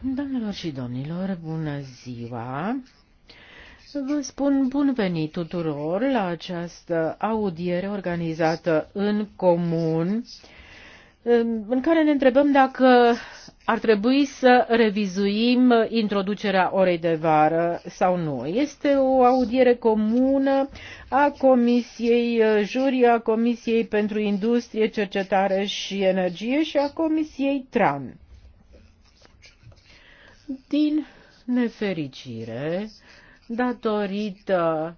Doamnelor și domnilor, bună ziua! Vă spun bun venit tuturor la această audiere organizată în comun, în care ne întrebăm dacă ar trebui să revizuim introducerea orei de vară sau nu. Este o audiere comună a Comisiei Juri, a Comisiei pentru Industrie, Cercetare și Energie și a Comisiei TRAN. Din nefericire, datorită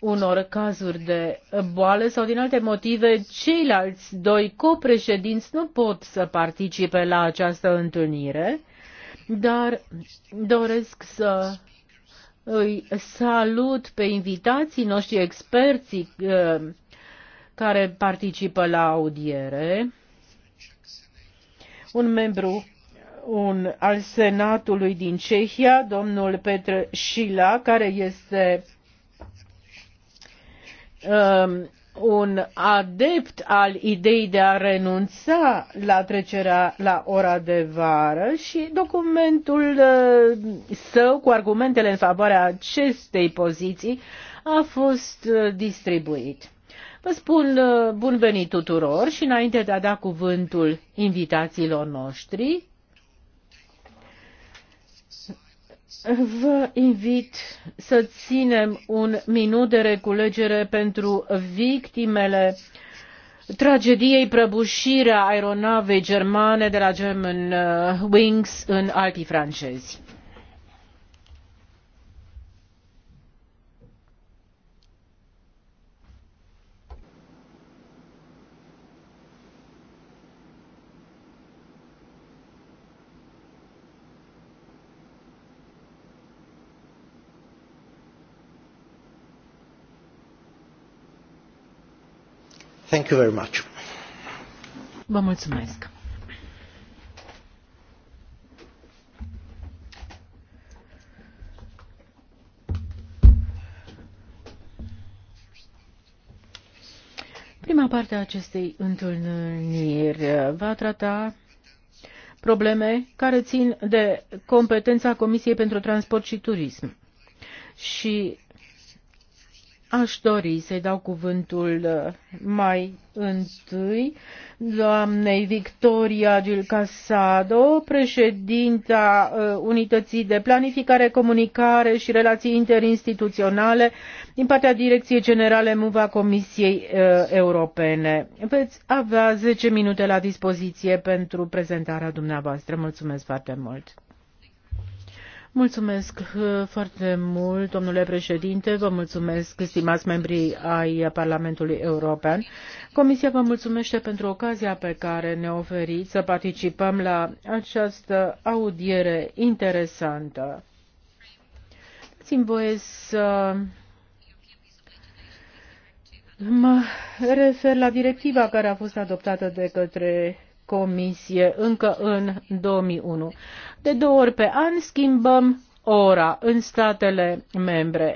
unor cazuri de boală sau din alte motive, ceilalți doi copreședinți nu pot să participe la această întâlnire, dar doresc să îi salut pe invitații noștri experții uh, care participă la audiere, un membru un, al Senatului din Cehia, domnul Petr Șila, care este um, un adept al ideii de a renunța la trecerea la ora de vară și documentul uh, său cu argumentele în favoarea acestei poziții a fost uh, distribuit. Vă spun uh, bun venit tuturor și înainte de a da cuvântul invitațiilor noștri, Vă invit să ținem un minut de reculegere pentru victimele tragediei prăbușirea aeronavei germane de la German uh, Wings în Alpii francezi. Thank you very much. Vă mulțumesc. Prima parte a acestei întâlniri va trata probleme care țin de competența Comisiei pentru Transport și Turism. Și Aș dori să-i dau cuvântul uh, mai întâi doamnei Victoria Gil Casado, președinta uh, Unității de Planificare, Comunicare și Relații Interinstituționale din partea Direcției Generale MUVA Comisiei uh, Europene. Veți avea 10 minute la dispoziție pentru prezentarea dumneavoastră. Mulțumesc foarte mult! Mulțumesc uh, foarte mult, domnule președinte, vă mulțumesc, stimați membrii ai Parlamentului European. Comisia vă mulțumește pentru ocazia pe care ne oferiți să participăm la această audiere interesantă. Țin voie să mă refer la directiva care a fost adoptată de către comisie încă în 2001. De două ori pe an schimbăm ora în statele membre,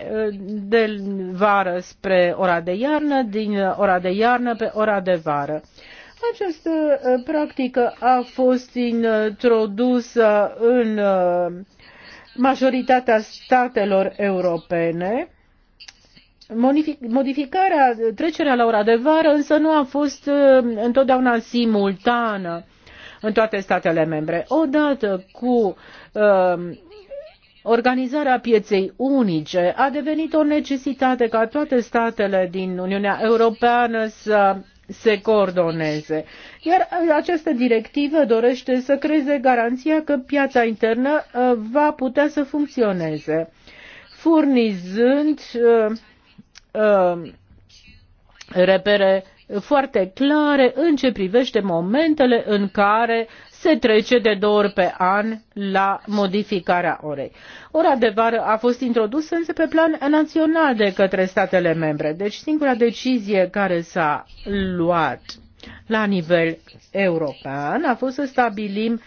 de vară spre ora de iarnă, din ora de iarnă pe ora de vară. Această uh, practică a fost introdusă în uh, majoritatea statelor europene Modificarea, trecerea la ora de vară însă nu a fost uh, întotdeauna simultană în toate statele membre. Odată cu uh, organizarea pieței unice a devenit o necesitate ca toate statele din Uniunea Europeană să se coordoneze. Iar această directivă dorește să creeze garanția că piața internă uh, va putea să funcționeze, furnizând uh, Uh, repere foarte clare în ce privește momentele în care se trece de două ori pe an la modificarea orei. Ora de vară a fost introdusă însă pe plan național de către statele membre, deci singura decizie care s-a luat la nivel european a fost să stabilim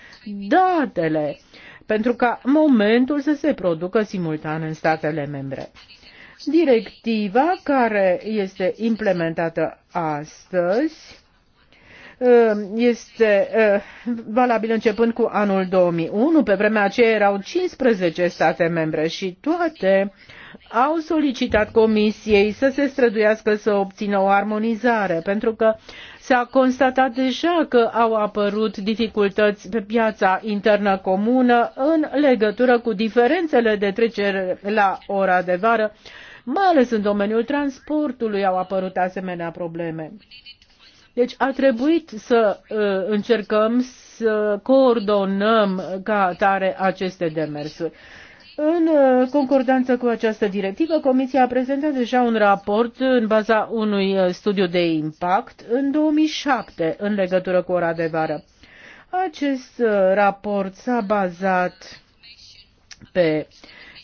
datele pentru ca momentul să se producă simultan în statele membre. Directiva care este implementată astăzi uh, este uh, valabilă începând cu anul 2001. Pe vremea aceea erau 15 state membre și toate au solicitat Comisiei să se străduiască să obțină o armonizare, pentru că s-a constatat deja că au apărut dificultăți pe piața internă comună în legătură cu diferențele de trecere la ora de vară mai ales în domeniul transportului au apărut asemenea probleme. Deci a trebuit să uh, încercăm să coordonăm ca atare aceste demersuri. În uh, concordanță cu această directivă, Comisia a prezentat deja un raport în baza unui uh, studiu de impact în 2007 în legătură cu ora de vară. Acest raport s-a bazat pe uh,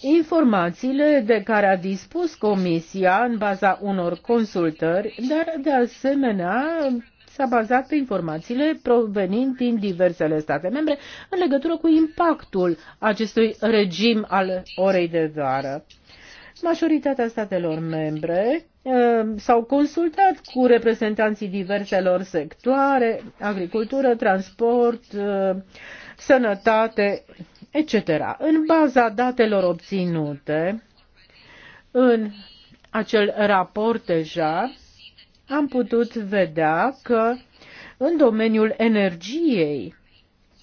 informațiile de care a dispus Comisia în baza unor consultări, dar de asemenea s-a bazat pe informațiile provenind din diversele state membre în legătură cu impactul acestui regim al orei de vară. Majoritatea statelor membre uh, s-au consultat cu reprezentanții diverselor sectoare, agricultură, transport, uh, sănătate etc. În baza datelor obținute, în acel raport deja, am putut vedea că în domeniul energiei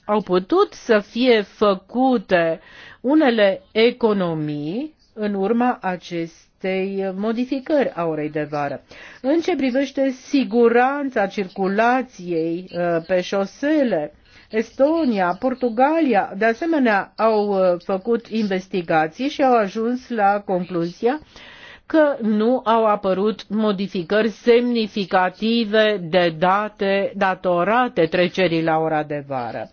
au putut să fie făcute unele economii în urma acestei modificări a orei de vară. În ce privește siguranța circulației uh, pe șosele, Estonia, Portugalia, de asemenea, au uh, făcut investigații și au ajuns la concluzia că nu au apărut modificări semnificative de date datorate trecerii la ora de vară.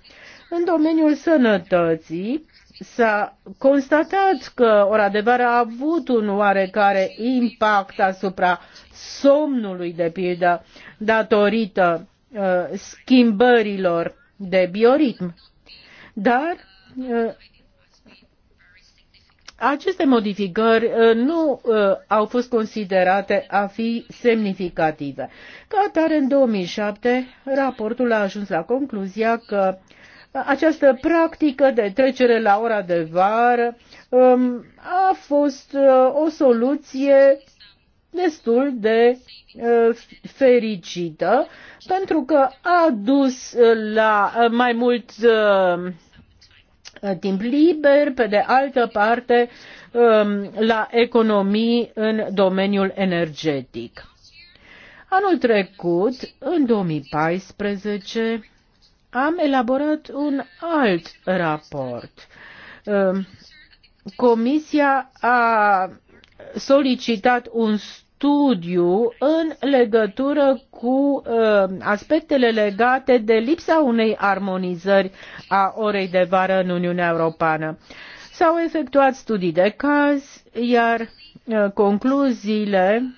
În domeniul sănătății s-a constatat că ora de vară a avut un oarecare impact asupra somnului, de pildă, datorită uh, schimbărilor de bioritm. Dar ă, aceste modificări ă, nu ă, au fost considerate a fi semnificative. Ca atare, în 2007, raportul a ajuns la concluzia că această practică de trecere la ora de vară a fost o soluție destul de uh, fericită pentru că a dus uh, la uh, mai mult timp liber, pe de altă parte um, la economii în domeniul energetic. Anul trecut, în 2014, am elaborat un alt raport. Um, Comisia a solicitat un studiu studiu în legătură cu uh, aspectele legate de lipsa unei armonizări a orei de vară în Uniunea Europeană. S-au efectuat studii de caz, iar uh, concluziile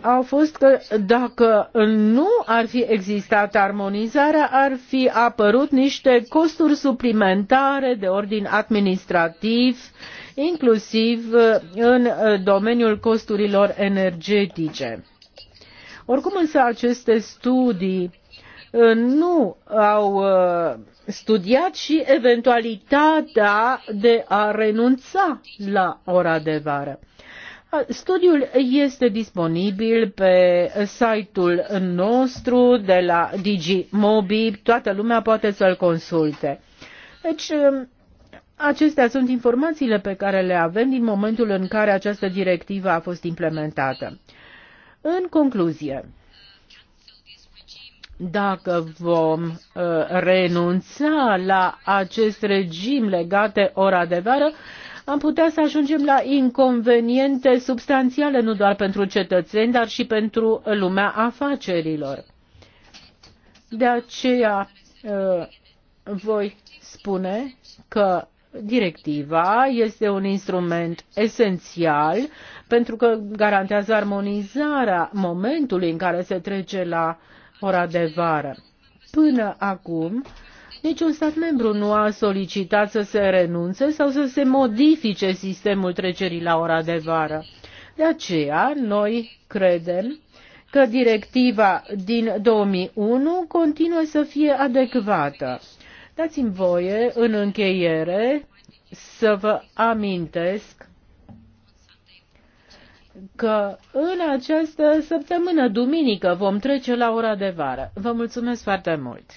au fost că dacă nu ar fi existat armonizarea, ar fi apărut niște costuri suplimentare de ordin administrativ uh, inclusiv uh, în uh, domeniul costurilor energetice. Oricum însă aceste studii uh, nu au studiat și eventualitatea de a renunța la ora de vară. Studiul este disponibil pe site-ul nostru de la DigiMobi. Toată lumea poate să-l consulte. Deci, um, Acestea sunt informațiile pe care le avem din momentul în care această directivă a fost implementată. În concluzie, dacă vom uh, renunța la acest regim legat de ora de vară, am putea să ajungem la inconveniente substanțiale nu doar pentru cetățeni, dar și pentru lumea afacerilor. De aceea uh, voi spune că Directiva este un instrument esențial pentru că garantează armonizarea momentului în care se trece la ora de vară. Până acum, niciun stat membru nu a solicitat să se renunțe sau să se modifice sistemul trecerii la ora de vară. De aceea, noi credem că directiva din 2001 continuă să fie adecvată Dați-mi voie, în încheiere, să vă amintesc că în această săptămână, duminică, vom trece la ora de vară. Vă mulțumesc foarte mult!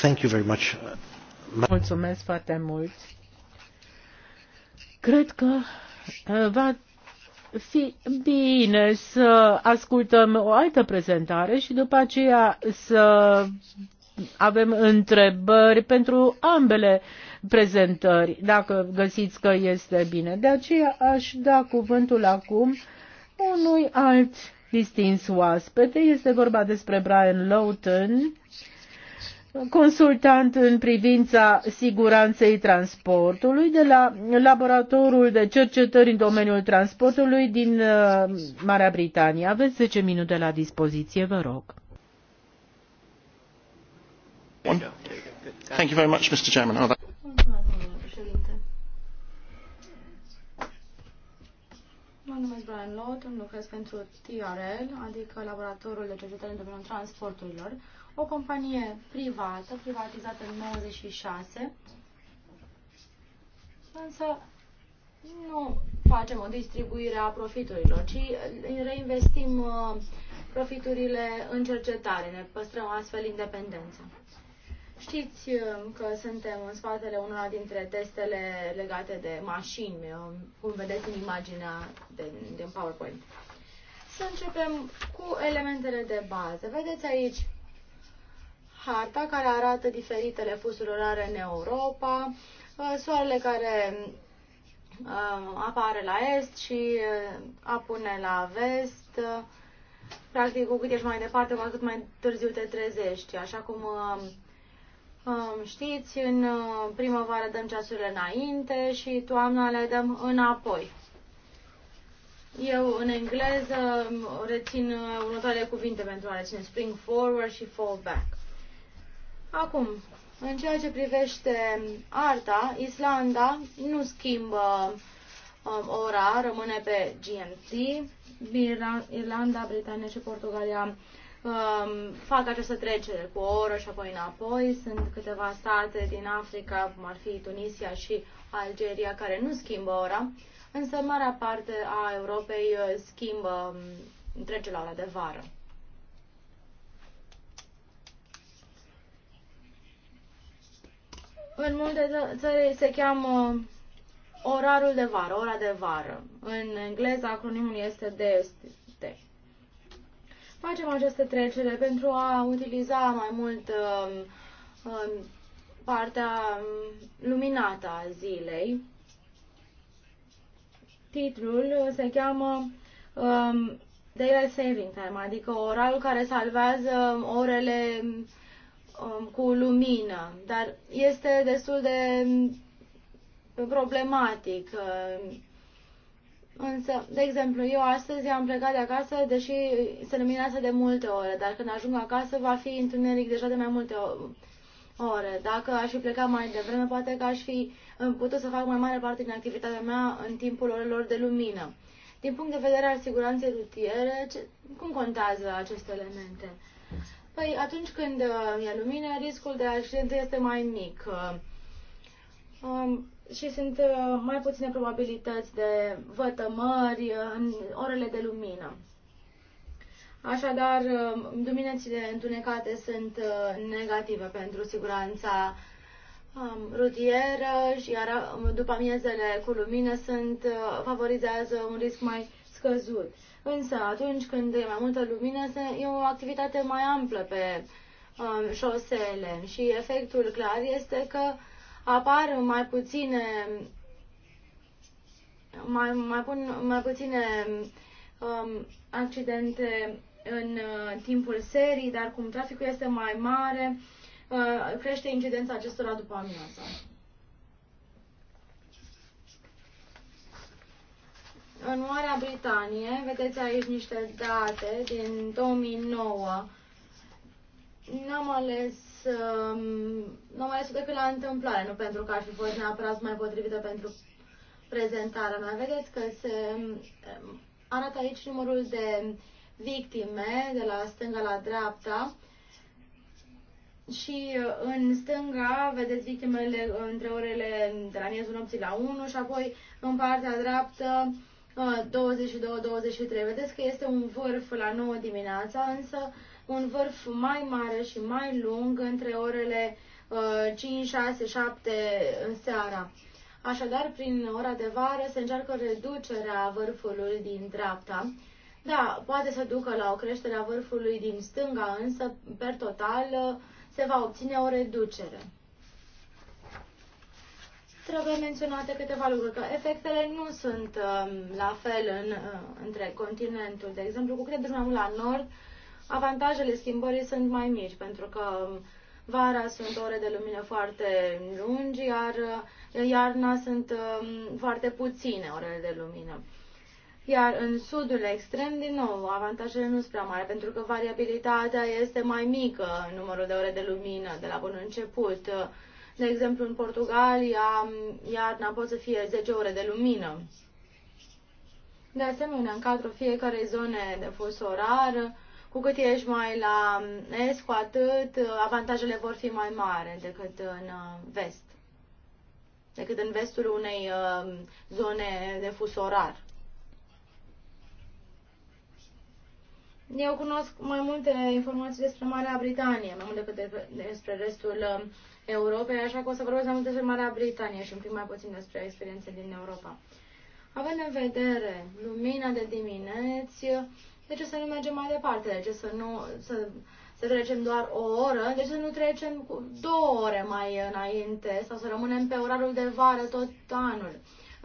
Thank you very much. Mulțumesc foarte mult! Cred că uh, va fi bine să ascultăm o altă prezentare și după aceea să avem întrebări pentru ambele prezentări, dacă găsiți că este bine. De aceea aș da cuvântul acum unui alt distins oaspete. Este vorba despre Brian Lowton, consultant în privința siguranței transportului de la Laboratorul de Cercetări în domeniul transportului din uh, Marea Britanie. Aveți 10 minute la dispoziție, vă rog. Thank you very much, Mr. Chairman. Oh, that... Mă numesc Brian Lawton, lucrez pentru TRL, adică Laboratorul de Cercetări în domeniul transporturilor. Uh, o companie privată, privatizată în 96, însă nu facem o distribuire a profiturilor, ci reinvestim uh, profiturile în cercetare, ne păstrăm astfel independența. Știți uh, că suntem în spatele unora dintre testele legate de mașini, uh, cum vedeți în imaginea din, din PowerPoint. Să începem cu elementele de bază. Vedeți aici harta care arată diferitele fusuri orare în Europa, uh, soarele care uh, apare la est și uh, apune la vest. Practic, cu cât ești mai departe, cu atât mai târziu te trezești. Așa cum um, știți, în primăvară dăm ceasurile înainte și toamna le dăm înapoi. Eu, în engleză, rețin următoarele cuvinte pentru a reține. Spring forward și fall back. Acum, în ceea ce privește arta, Islanda nu schimbă um, ora, rămâne pe GMT. Irlanda, Britania și Portugalia um, fac această trecere cu o oră și apoi înapoi. Sunt câteva state din Africa, cum ar fi Tunisia și Algeria, care nu schimbă ora, însă marea parte a Europei uh, schimbă, um, trece la ora de vară. În multe țări se cheamă uh, orarul de vară, ora de vară. În engleză acronimul este DST. Facem aceste trecere pentru a utiliza mai mult uh, uh, partea um, luminată a zilei. Titlul se cheamă um, Daylight Saving Time, adică orarul care salvează orele um, cu lumină, dar este destul de um, problematic. Um, însă, de exemplu, eu astăzi am plecat de acasă, deși se luminează de multe ore, dar când ajung acasă va fi întuneric deja de mai multe ore. Dacă aș fi plecat mai devreme, poate că aș fi um, putut să fac mai mare parte din activitatea mea în timpul orelor de lumină. Din punct de vedere al siguranței rutiere, ce, cum contează aceste elemente? Păi atunci când uh, e lumină, riscul de accident este mai mic uh, um, și sunt uh, mai puține probabilități de vătămări în orele de lumină. Așadar, duminețile întunecate sunt negative pentru siguranța um, rutieră și iar după amiezele cu lumină sunt, favorizează un risc mai scăzut. Însă atunci când e mai multă lumină, e o activitate mai amplă pe um, șosele și efectul clar este că apar mai puține mai, mai, pun, mai puține um, accidente în uh, timpul serii, dar cum traficul este mai mare, uh, crește incidența acestora după amiază. În Marea Britanie, vedeți aici niște date din 2009, n-am ales, um, n-am ales decât la întâmplare, nu pentru că ar fi fost neapărat mai potrivită pentru prezentarea mea. Vedeți că se um, arată aici numărul de victime de la stânga la dreapta și uh, în stânga vedeți victimele între orele de la miezul nopții la 1 și apoi în partea dreaptă 22-23. Uh, Vedeți că este un vârf la 9 dimineața, însă un vârf mai mare și mai lung între orele 5, 6, 7 seara. Așadar, prin ora de vară se încearcă reducerea vârfului din dreapta. Da, poate să ducă la o creștere a vârfului din stânga, însă, per total, uh, se va obține o reducere trebuie menționate câteva lucruri, că efectele nu sunt uh, la fel în, uh, între continentul. De exemplu, cu cât mai mult la nord, avantajele schimbării sunt mai mici, pentru că um, vara sunt ore de lumină foarte lungi, iar uh, iarna sunt uh, foarte puține orele de lumină. Iar în sudul extrem, din nou, avantajele nu sunt prea mari, pentru că variabilitatea este mai mică, numărul de ore de lumină de la bun început. Uh, de exemplu, în Portugalia, iarna pot să fie 10 ore de lumină. De asemenea, în cadrul fiecarei zone de fus orar, cu cât ești mai la est, cu atât uh, avantajele vor fi mai mari decât în uh, vest, decât în vestul unei uh, zone de fus orar. Eu cunosc mai multe informații despre Marea Britanie, mai mult decât despre restul Europei, așa că o să vorbesc mai mult despre Marea Britanie și un pic mai puțin despre experiențe din Europa. Având în vedere lumina de dimineți, de ce să nu mergem mai departe? De ce să nu să, să trecem doar o oră? De ce să nu trecem cu două ore mai înainte sau să rămânem pe orarul de vară tot anul?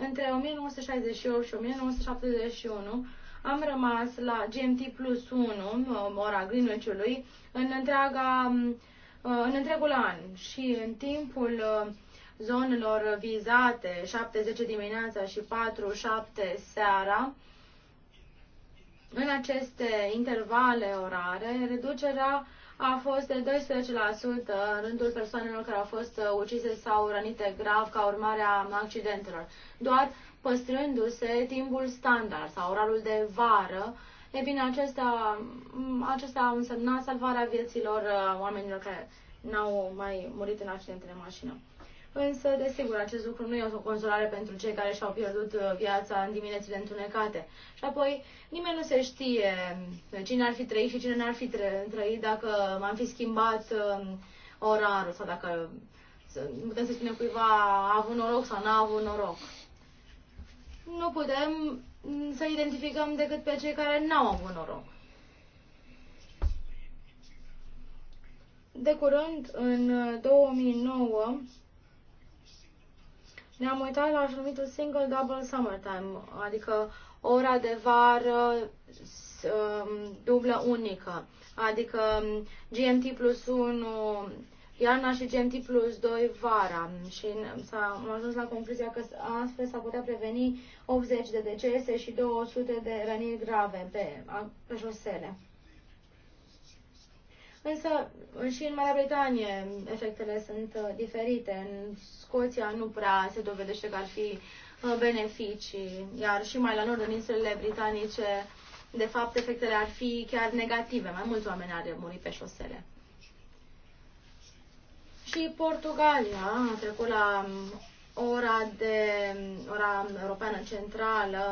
Între 1968 și 1971 am rămas la GMT plus 1, ora Greenwich-ului, în întreaga Uh, în întregul an și în timpul uh, zonelor vizate, 7-10 dimineața și 4-7 seara, în aceste intervale orare, reducerea a fost de 12% în rândul persoanelor care au fost uh, ucise sau rănite grav ca urmare a accidentelor, doar păstrându-se timpul standard sau oralul de vară, E bine, acesta, acesta însemnat salvarea vieților uh, oamenilor care n-au mai murit în accidente de mașină. Însă, desigur, acest lucru nu e o consolare pentru cei care și-au pierdut uh, viața în diminețile întunecate. Și apoi, nimeni nu se știe uh, cine ar fi trăit și cine n-ar fi trăit dacă m-am fi schimbat orarul sau dacă putem să spunem cuiva a avut noroc sau n-a avut noroc. Nu putem să identificăm decât pe cei care n-au avut noroc. De curând, în 2009, ne-am uitat la așa numitul Single Double Summertime, adică ora de vară um, dublă unică, adică GMT plus 1 iarna și GMT plus 2 vara și s-a, am ajuns la concluzia că astfel s-ar putea preveni 80 de decese și 200 de răniri grave pe, pe josele. Însă și în Marea Britanie efectele sunt uh, diferite. În Scoția nu prea se dovedește că ar fi uh, beneficii, iar și mai la nord, în insulele britanice, de fapt, efectele ar fi chiar negative. Mai mulți oameni ar muri pe șosele. Și Portugalia a trecut la um, ora de um, ora europeană centrală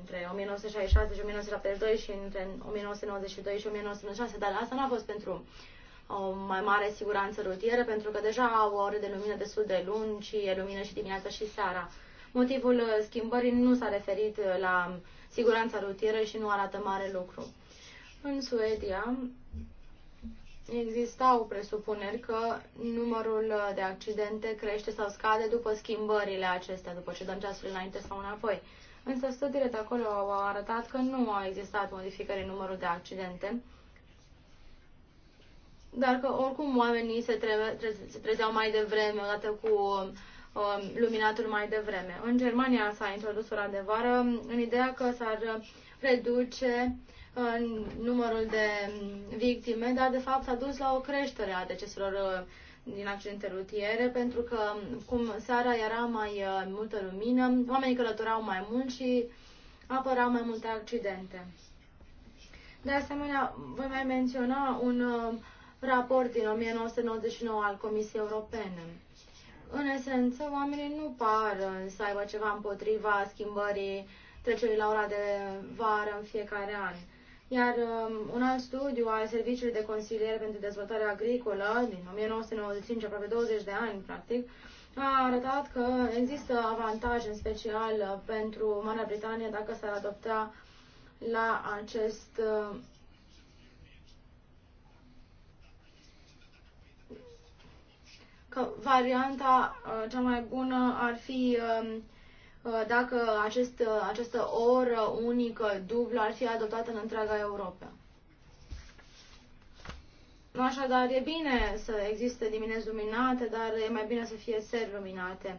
între 1966 și 1972 și între 1992 și 1996, dar asta n-a fost pentru o mai mare siguranță rutieră, pentru că deja au ore de lumină destul de lungi, e lumină și dimineața și seara. Motivul uh, schimbării nu s-a referit uh, la siguranța rutieră și nu arată mare lucru. În Suedia, existau presupuneri că numărul de accidente crește sau scade după schimbările acestea, după ce dăm ceasul înainte sau înapoi. Însă studiile de acolo au arătat că nu au existat modificări în numărul de accidente, dar că oricum oamenii se, tre- tre- se trezeau mai devreme, odată cu um, luminatul mai devreme. În Germania s-a introdus o de vară în ideea că s-ar um, reduce uh, în numărul de victime, dar de fapt s-a dus la o creștere a deceselor uh, din accidente rutiere, pentru că um, cum seara era mai uh, multă lumină, oamenii călătorau mai mult și apăreau mai multe accidente. De asemenea, voi mai menționa un uh, raport din 1999 al Comisiei Europene. În esență, oamenii nu par să aibă ceva împotriva schimbării trecerii la ora de vară în fiecare an. Iar um, un alt studiu al Serviciului de Consiliere pentru Dezvoltare Agricolă din 1995, aproape 20 de ani, practic, a arătat că există avantaje în special uh, pentru Marea Britanie dacă s-ar adopta la acest uh, că varianta uh, cea mai bună ar fi um, Uh, dacă acest, uh, această oră unică dublă ar fi adoptată în întreaga Europa. Așadar, e bine să existe dimineți luminate, dar e mai bine să fie seri luminate.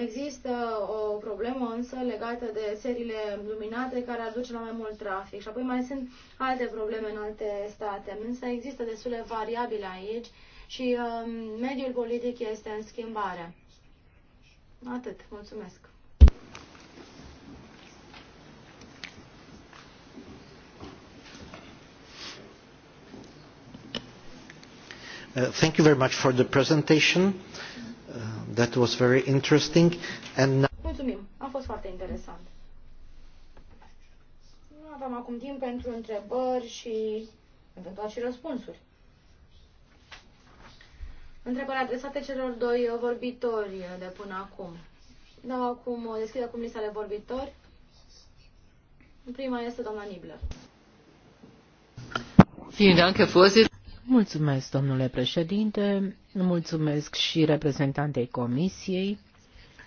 Există o problemă însă legată de serile luminate care ar duce la mai mult trafic și apoi mai sunt alte probleme în alte state. Însă există destule variabile aici și um, mediul politic este în schimbare. Atât. Mulțumesc. Uh, thank you very much for the presentation. Uh, that was very interesting. And now... Mulțumim. A fost foarte interesant. Nu avem acum timp pentru întrebări și eventual și răspunsuri. Întrebări adresate celor doi vorbitori de până acum. Dau acum, deschid acum lista de vorbitori. Prima este doamna Nibler. Mulțumesc, domnule președinte, mulțumesc și reprezentantei comisiei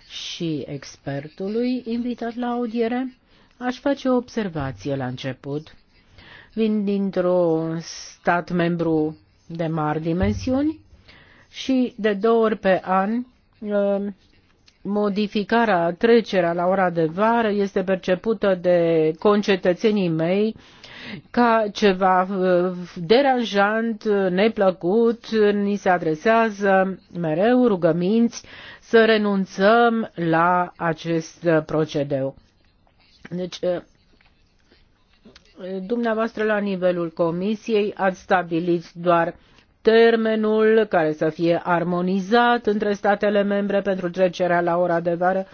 și expertului invitat la audiere. Aș face o observație la început. Vin dintr-un stat membru de mari dimensiuni și de două ori pe an um, modificarea, trecerea la ora de vară este percepută de concetățenii mei ca ceva uh, deranjant, neplăcut, ni se adresează mereu rugăminți să renunțăm la acest uh, procedeu. Deci, uh, dumneavoastră la nivelul comisiei ați stabilit doar termenul care să fie armonizat între statele membre pentru trecerea la ora de vară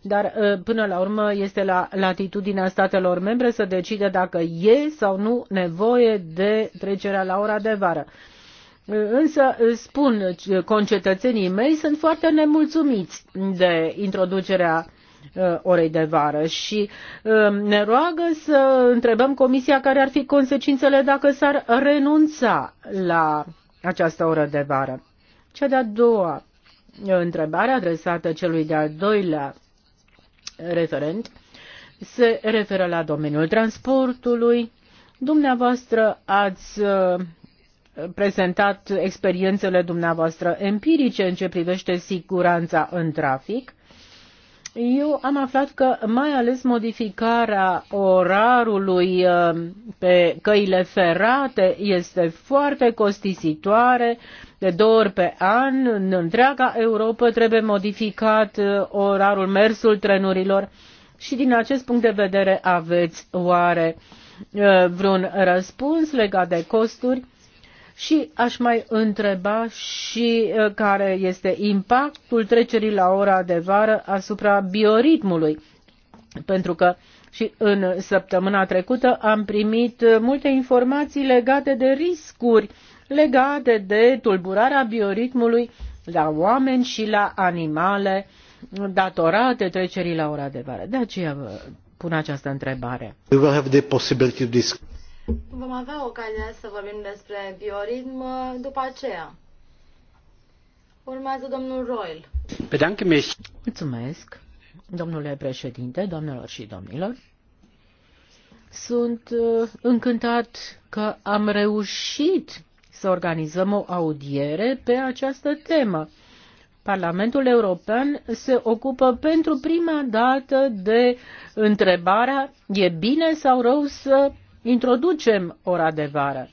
dar uh, până la urmă este la latitudinea statelor membre să decide dacă e sau nu nevoie de trecerea la ora de vară. Uh, însă, uh, spun, concetățenii mei sunt foarte nemulțumiți de introducerea orei de vară și ne roagă să întrebăm comisia care ar fi consecințele dacă s-ar renunța la această oră de vară. Cea de-a doua întrebare adresată celui de-al doilea referent se referă la domeniul transportului. Dumneavoastră ați uh, prezentat experiențele dumneavoastră empirice în ce privește siguranța în trafic eu am aflat că mai ales modificarea orarului uh, pe căile ferate este foarte costisitoare. De două ori pe an, în întreaga Europa trebuie modificat uh, orarul mersul trenurilor. Și din acest punct de vedere aveți oare uh, vreun răspuns legat de costuri? Și aș mai întreba și uh, care este impactul trecerii la ora de vară asupra bioritmului. Pentru că și în săptămâna trecută am primit uh, multe informații legate de riscuri legate de tulburarea bioritmului la oameni și la animale datorate trecerii la ora de vară. De aceea vă pun această întrebare. Vom avea ocazia să vorbim despre bioritm uh, după aceea. Urmează domnul Royal. Bedanke mich. Mulțumesc, domnule președinte, domnilor și domnilor. Sunt uh, încântat că am reușit să organizăm o audiere pe această temă. Parlamentul European se ocupă pentru prima dată de întrebarea e bine sau rău să introducem ora de vară.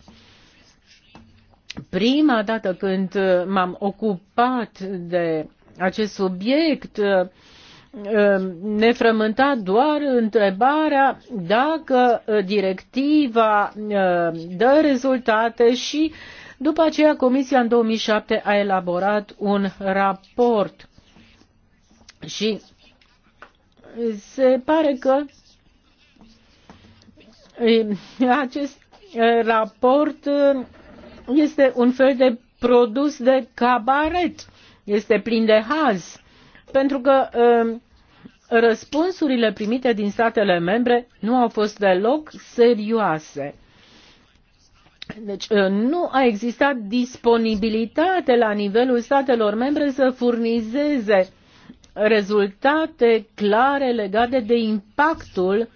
Prima dată când m-am ocupat de acest subiect, uh, ne frământa doar întrebarea dacă directiva uh, dă rezultate și după aceea Comisia în 2007 a elaborat un raport și se pare că acest raport este un fel de produs de cabaret, este plin de haz, pentru că răspunsurile primite din statele membre nu au fost deloc serioase. Deci nu a existat disponibilitate la nivelul statelor membre să furnizeze rezultate clare legate de impactul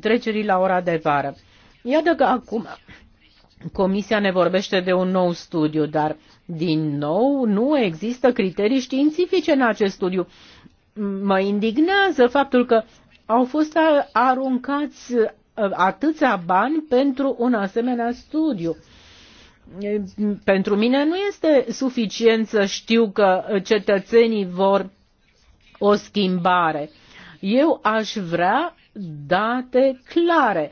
trecerii la ora de vară. Iată că acum Comisia ne vorbește de un nou studiu, dar din nou nu există criterii științifice în acest studiu. Mă indignează faptul că au fost aruncați atâția bani pentru un asemenea studiu. Pentru mine nu este suficient să știu că cetățenii vor o schimbare. Eu aș vrea date clare.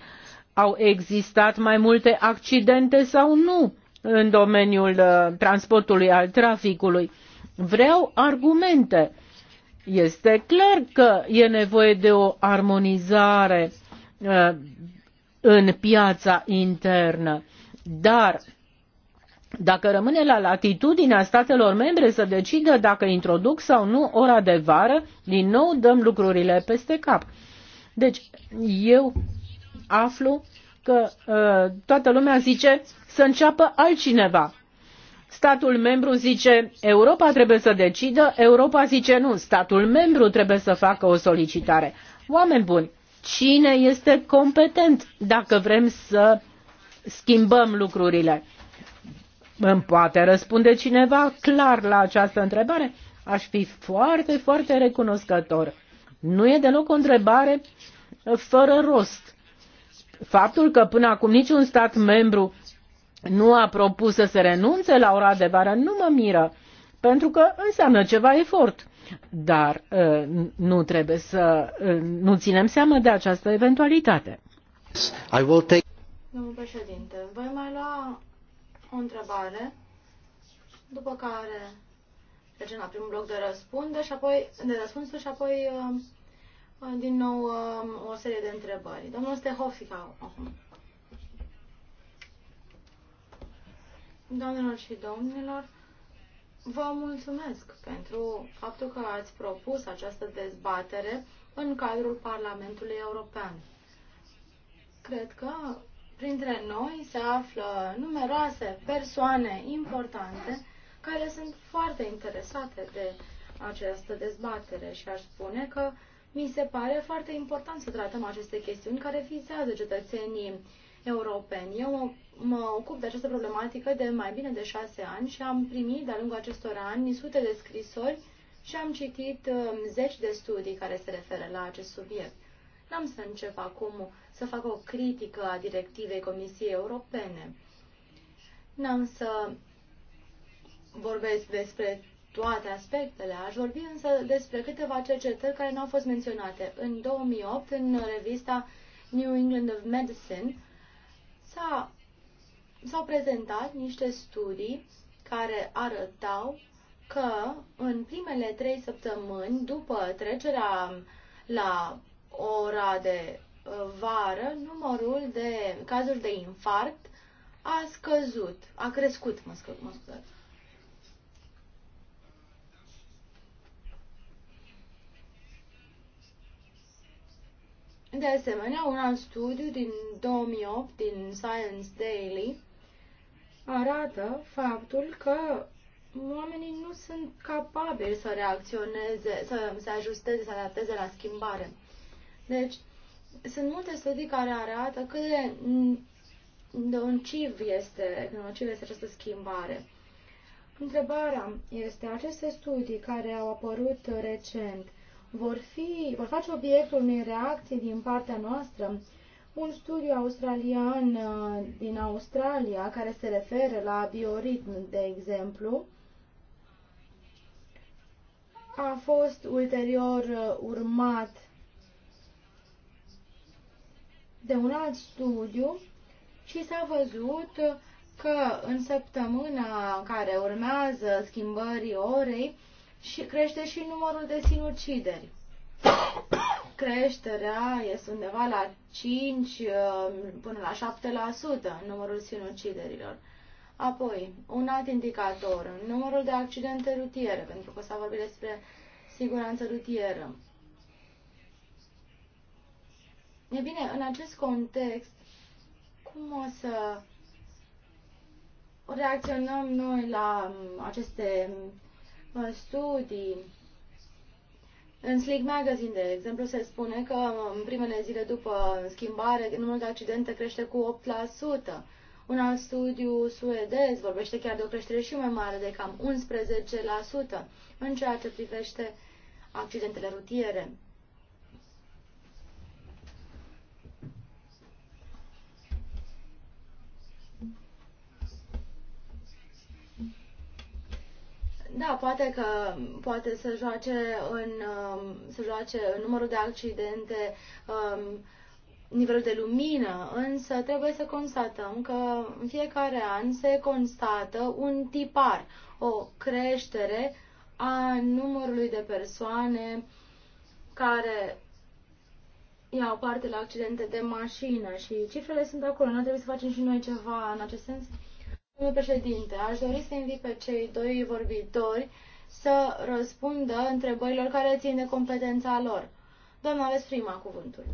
Au existat mai multe accidente sau nu în domeniul uh, transportului al traficului? Vreau argumente. Este clar că e nevoie de o armonizare uh, în piața internă, dar dacă rămâne la latitudinea statelor membre să decidă dacă introduc sau nu ora de vară, din nou dăm lucrurile peste cap. Deci, eu aflu că uh, toată lumea zice să înceapă altcineva. Statul membru zice Europa trebuie să decidă, Europa zice nu, statul membru trebuie să facă o solicitare. Oameni buni, cine este competent dacă vrem să schimbăm lucrurile? Îmi poate răspunde cineva clar la această întrebare? Aș fi foarte, foarte recunoscător. Nu e deloc o întrebare uh, fără rost. Faptul că până acum niciun stat membru nu a propus să se renunțe la ora de vară nu mă miră, pentru că înseamnă ceva efort. Dar uh, nu trebuie să uh, nu ținem seama de această eventualitate. I will take... Domnul președinte, voi mai lua o întrebare, după care Trecem la primul bloc de răspunde și apoi, de răspunsuri și apoi uh, uh, din nou uh, o serie de întrebări. Domnul Stehofica acum. Doamnelor și domnilor, vă mulțumesc pentru faptul că ați propus această dezbatere în cadrul Parlamentului European. Cred că printre noi se află numeroase persoane importante care sunt foarte interesate de această dezbatere și aș spune că mi se pare foarte important să tratăm aceste chestiuni care vizează cetățenii europeni. Eu mă, mă ocup de această problematică de mai bine de șase ani și am primit de-a lungul acestor ani sute de scrisori și am citit um, zeci de studii care se referă la acest subiect. N-am să încep acum să fac o critică a directivei Comisiei Europene. N-am să vorbesc despre toate aspectele, aș vorbi însă despre câteva cercetări care nu au fost menționate. În 2008, în revista New England of Medicine, s-au prezentat niște studii care arătau că în primele trei săptămâni după trecerea la ora de uh, vară, numărul de cazuri de infarct a scăzut, a crescut, mă, scăzut, mă scuzați. De asemenea, un alt studiu din 2008 din Science Daily arată faptul că oamenii nu sunt capabili să reacționeze, să se ajusteze, să adapteze la schimbare. Deci, sunt multe studii care arată cât de nociv este, nociv este această schimbare. Întrebarea este, aceste studii care au apărut recent, vor, fi, vor face obiectul unei reacții din partea noastră. Un studiu australian uh, din Australia care se referă la bioritm, de exemplu, a fost ulterior uh, urmat de un alt studiu și s-a văzut că în săptămâna care urmează schimbării orei, și crește și numărul de sinucideri. Creșterea este undeva la 5 uh, până la 7% în numărul sinuciderilor. Apoi, un alt indicator, numărul de accidente rutiere, pentru că s-a vorbit despre siguranță rutieră. E bine, în acest context, cum o să reacționăm noi la aceste studii. În Slick Magazine, de exemplu, se spune că în primele zile după schimbare, numărul de accidente crește cu 8%. Un alt studiu suedez vorbește chiar de o creștere și mai mare, de cam 11% în ceea ce privește accidentele rutiere. Da, poate că poate să joace în, um, să joace în numărul de accidente, um, nivelul de lumină, însă trebuie să constatăm că în fiecare an se constată un tipar, o creștere a numărului de persoane care iau parte la accidente de mașină și cifrele sunt acolo, nu trebuie să facem și noi ceva în acest sens? Domnule președinte, aș dori să invit pe cei doi vorbitori să răspundă întrebărilor care țin de competența lor. doamnă ales prima cuvântul.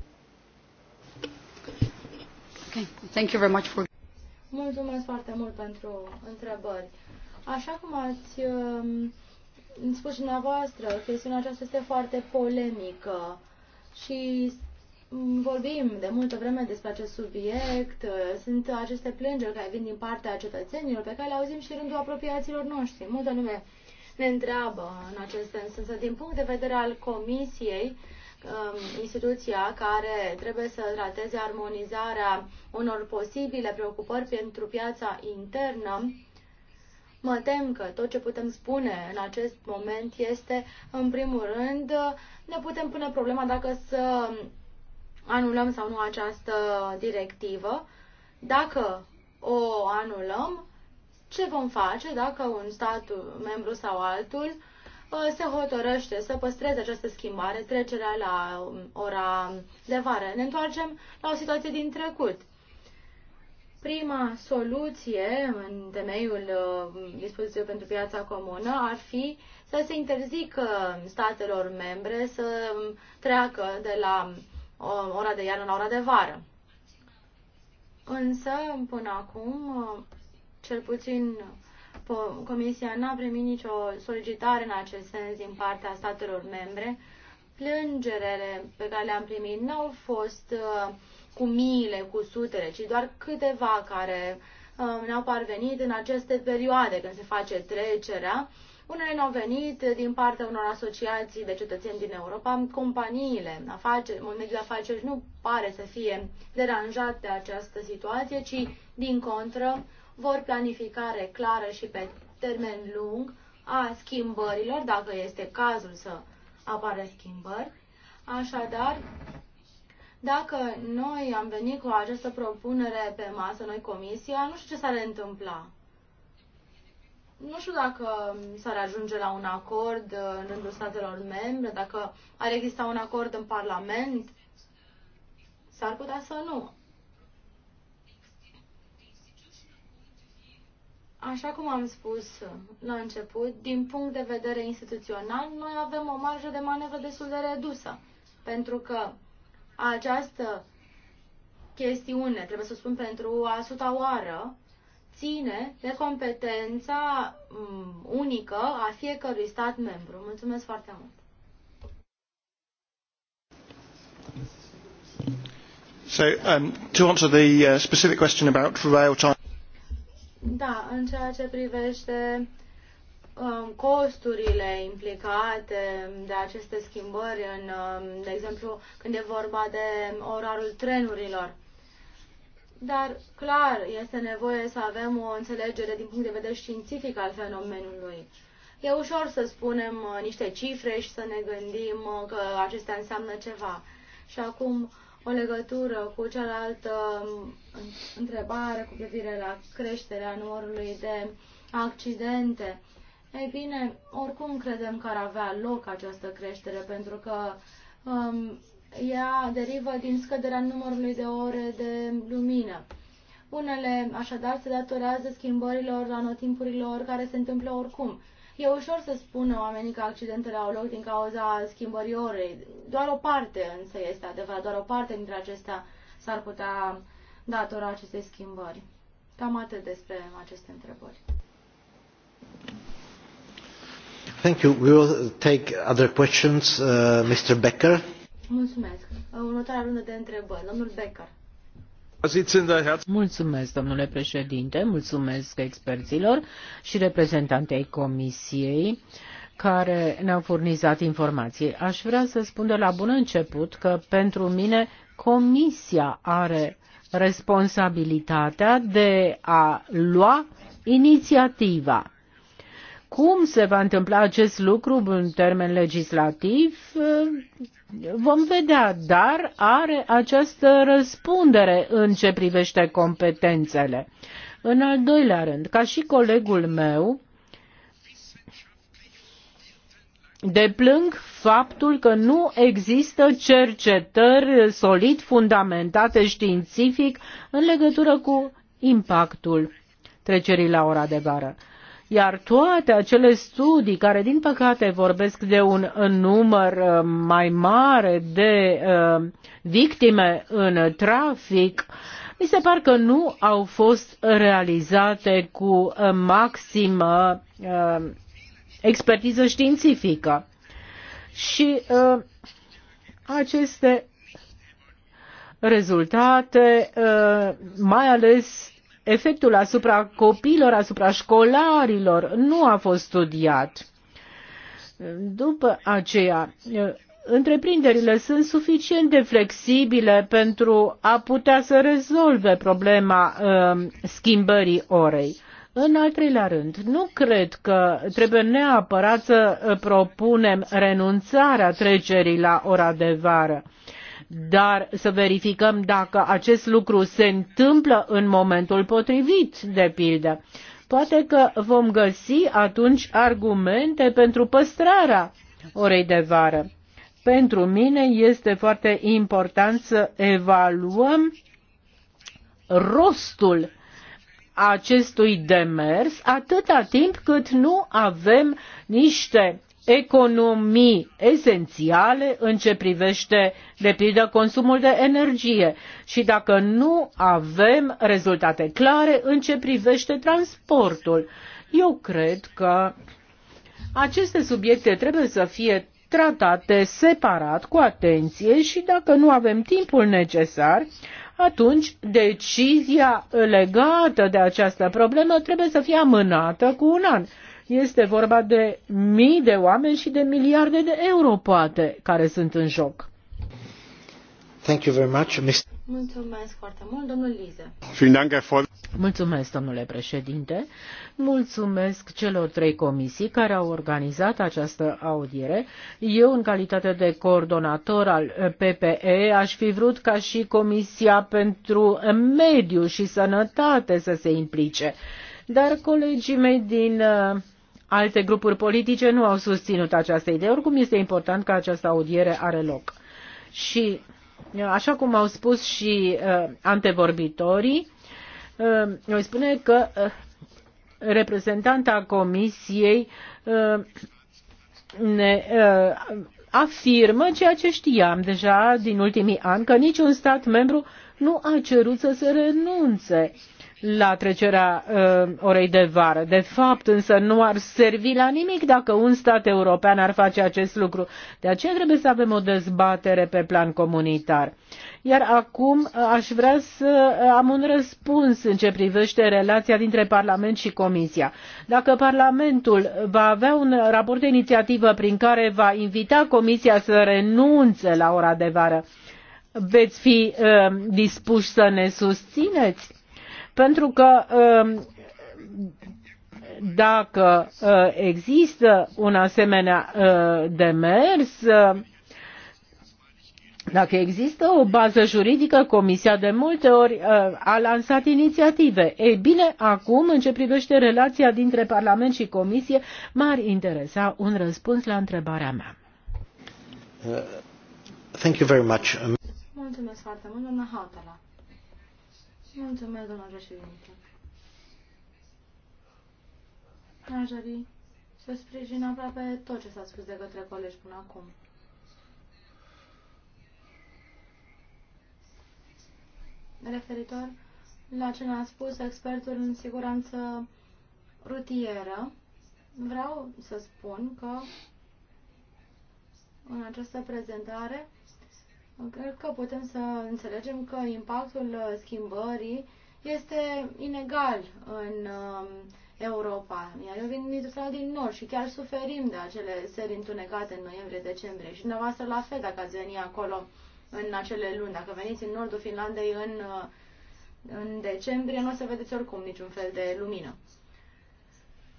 Mulțumesc foarte mult pentru întrebări. Așa cum ați um, spus și dumneavoastră, chestiunea aceasta este foarte polemică și Vorbim de multă vreme despre acest subiect, sunt aceste plângeri care vin din partea cetățenilor, pe care le auzim și rândul apropiaților noștri. Multă lume ne întreabă în acest sens, însă din punct de vedere al Comisiei, um, instituția care trebuie să trateze armonizarea unor posibile preocupări pentru piața internă, mă tem că tot ce putem spune în acest moment este, în primul rând, ne putem pune problema dacă să anulăm sau nu această directivă. Dacă o anulăm, ce vom face dacă un stat membru sau altul uh, se hotărăște să păstreze această schimbare, trecerea la um, ora de vară. Ne întoarcem la o situație din trecut. Prima soluție în temeiul uh, dispoziției pentru piața comună ar fi să se interzică statelor membre să um, treacă de la ora de iarnă la ora de vară. Însă, până acum, cel puțin Comisia n-a primit nicio solicitare în acest sens din partea statelor membre. Plângerele pe care le-am primit n-au fost uh, cu miile, cu sutele, ci doar câteva care uh, ne-au parvenit în aceste perioade când se face trecerea unele ne-au venit din partea unor asociații de cetățeni din Europa. Companiile, afaceri, mediul de afaceri nu pare să fie deranjat de această situație, ci, din contră, vor planificare clară și pe termen lung a schimbărilor, dacă este cazul să apară schimbări. Așadar, dacă noi am venit cu această propunere pe masă, noi comisia, nu știu ce s-ar întâmpla nu știu dacă s-ar ajunge la un acord uh, în rândul statelor membre, dacă ar exista un acord în Parlament, s-ar putea să nu. Așa cum am spus uh, la început, din punct de vedere instituțional, noi avem o marjă de manevră destul de redusă, pentru că această chestiune, trebuie să spun pentru a suta oară, ține de competența mm, unică a fiecărui stat membru. Mulțumesc foarte mult! So, um, to answer the uh, specific question about rail time. Da, în ceea ce privește um, costurile implicate de aceste schimbări, în, um, de exemplu, când e vorba de orarul trenurilor. Dar, clar, este nevoie să avem o înțelegere din punct de vedere științific al fenomenului. E ușor să spunem uh, niște cifre și să ne gândim uh, că acestea înseamnă ceva. Și acum, o legătură cu cealaltă um, întrebare cu privire la creșterea numărului de accidente. Ei bine, oricum credem că ar avea loc această creștere, pentru că um, ea derivă din scăderea numărului de ore de lumină. Unele, așadar, se datorează schimbărilor anotimpurilor care se întâmplă oricum. E ușor să spună oamenii că accidentele au loc din cauza schimbării orei. Doar o parte însă este adevărat, doar o parte dintre acestea s-ar putea datora acestei schimbări. Cam atât despre aceste întrebări. Thank you. We will take other questions. Uh, Mr. Becker. Mulțumesc. Următoarea rundă de întrebări. Domnul Becker. Mulțumesc, domnule președinte, mulțumesc experților și reprezentantei Comisiei care ne-au furnizat informații. Aș vrea să spun de la bun început că pentru mine Comisia are responsabilitatea de a lua inițiativa cum se va întâmpla acest lucru în termen legislativ, vom vedea, dar are această răspundere în ce privește competențele. În al doilea rând, ca și colegul meu, deplâng faptul că nu există cercetări solid fundamentate științific în legătură cu impactul trecerii la ora de vară. Iar toate acele studii care, din păcate, vorbesc de un număr uh, mai mare de uh, victime în trafic, mi se par că nu au fost realizate cu uh, maximă expertiză științifică. Și uh, aceste rezultate, mai ales efectul asupra copiilor, asupra școlarilor nu a fost studiat. După aceea, întreprinderile sunt suficient de flexibile pentru a putea să rezolve problema uh, schimbării orei. În al treilea rând, nu cred că trebuie neapărat să uh, propunem renunțarea trecerii la ora de vară. Uh, dar să verificăm dacă acest lucru se întâmplă în momentul potrivit, de pildă. Poate că vom găsi atunci argumente pentru păstrarea orei de vară. Pentru mine este foarte important să evaluăm rostul acestui demers atâta timp cât nu avem niște economii esențiale în ce privește, de pildă, consumul de energie și dacă nu avem rezultate clare în ce privește transportul. Eu cred că aceste subiecte trebuie să fie tratate separat, cu atenție și dacă nu avem timpul necesar, atunci decizia legată de această problemă trebuie să fie amânată cu un an. Este vorba de mii de oameni și de miliarde de euro, poate, care sunt în joc. Thank you very much, Mulțumesc foarte mult, domnul Lize. Mulțumesc, domnule președinte. Mulțumesc celor trei comisii care au organizat această audiere. Eu, în calitate de coordonator al PPE, aș fi vrut ca și Comisia pentru Mediu și Sănătate să se implice. Dar colegii mei din uh, Alte grupuri politice nu au susținut această idee. Oricum este important că această audiere are loc. Și așa cum au spus și uh, antevorbitorii, uh, noi spune că uh, reprezentanta Comisiei uh, ne uh, afirmă ceea ce știam deja din ultimii ani, că niciun stat membru nu a cerut să se renunțe uh, la trecerea uh, orei de vară. De fapt, însă, nu ar servi la nimic dacă un stat european ar face acest lucru. De aceea trebuie să avem o dezbatere pe plan comunitar. Iar acum uh, aș vrea să uh, am un răspuns în ce privește relația dintre Parlament și Comisia. Dacă Parlamentul va avea un raport de inițiativă prin care va invita Comisia să renunțe la ora de vară, veți fi uh, dispuși să ne susțineți? Pentru că um, dacă uh, există un asemenea uh, demers, uh, dacă există o bază juridică, Comisia de multe ori a lansat inițiative. Ei bine, acum, în ce privește relația dintre Parlament și Comisie, m-ar interesa un răspuns la întrebarea mea. Uh, thank you very much. Mulțumesc foarte mult, doamna Hautala. Mulțumesc, doamna președinte. Aș dori să sprijin aproape tot ce s-a spus de către colegi până acum. Referitor la ce ne-a spus expertul în siguranță rutieră, vreau să spun că în această prezentare Cred că putem să înțelegem că impactul uh, schimbării este inegal în um, Europa. Iar eu vin dintr-una din nord și chiar suferim de acele seri întunecate în noiembrie-decembrie. Și dumneavoastră la fel dacă ați veni acolo în acele luni. Dacă veniți în nordul Finlandei în, uh, în decembrie, nu o să vedeți oricum niciun fel de lumină.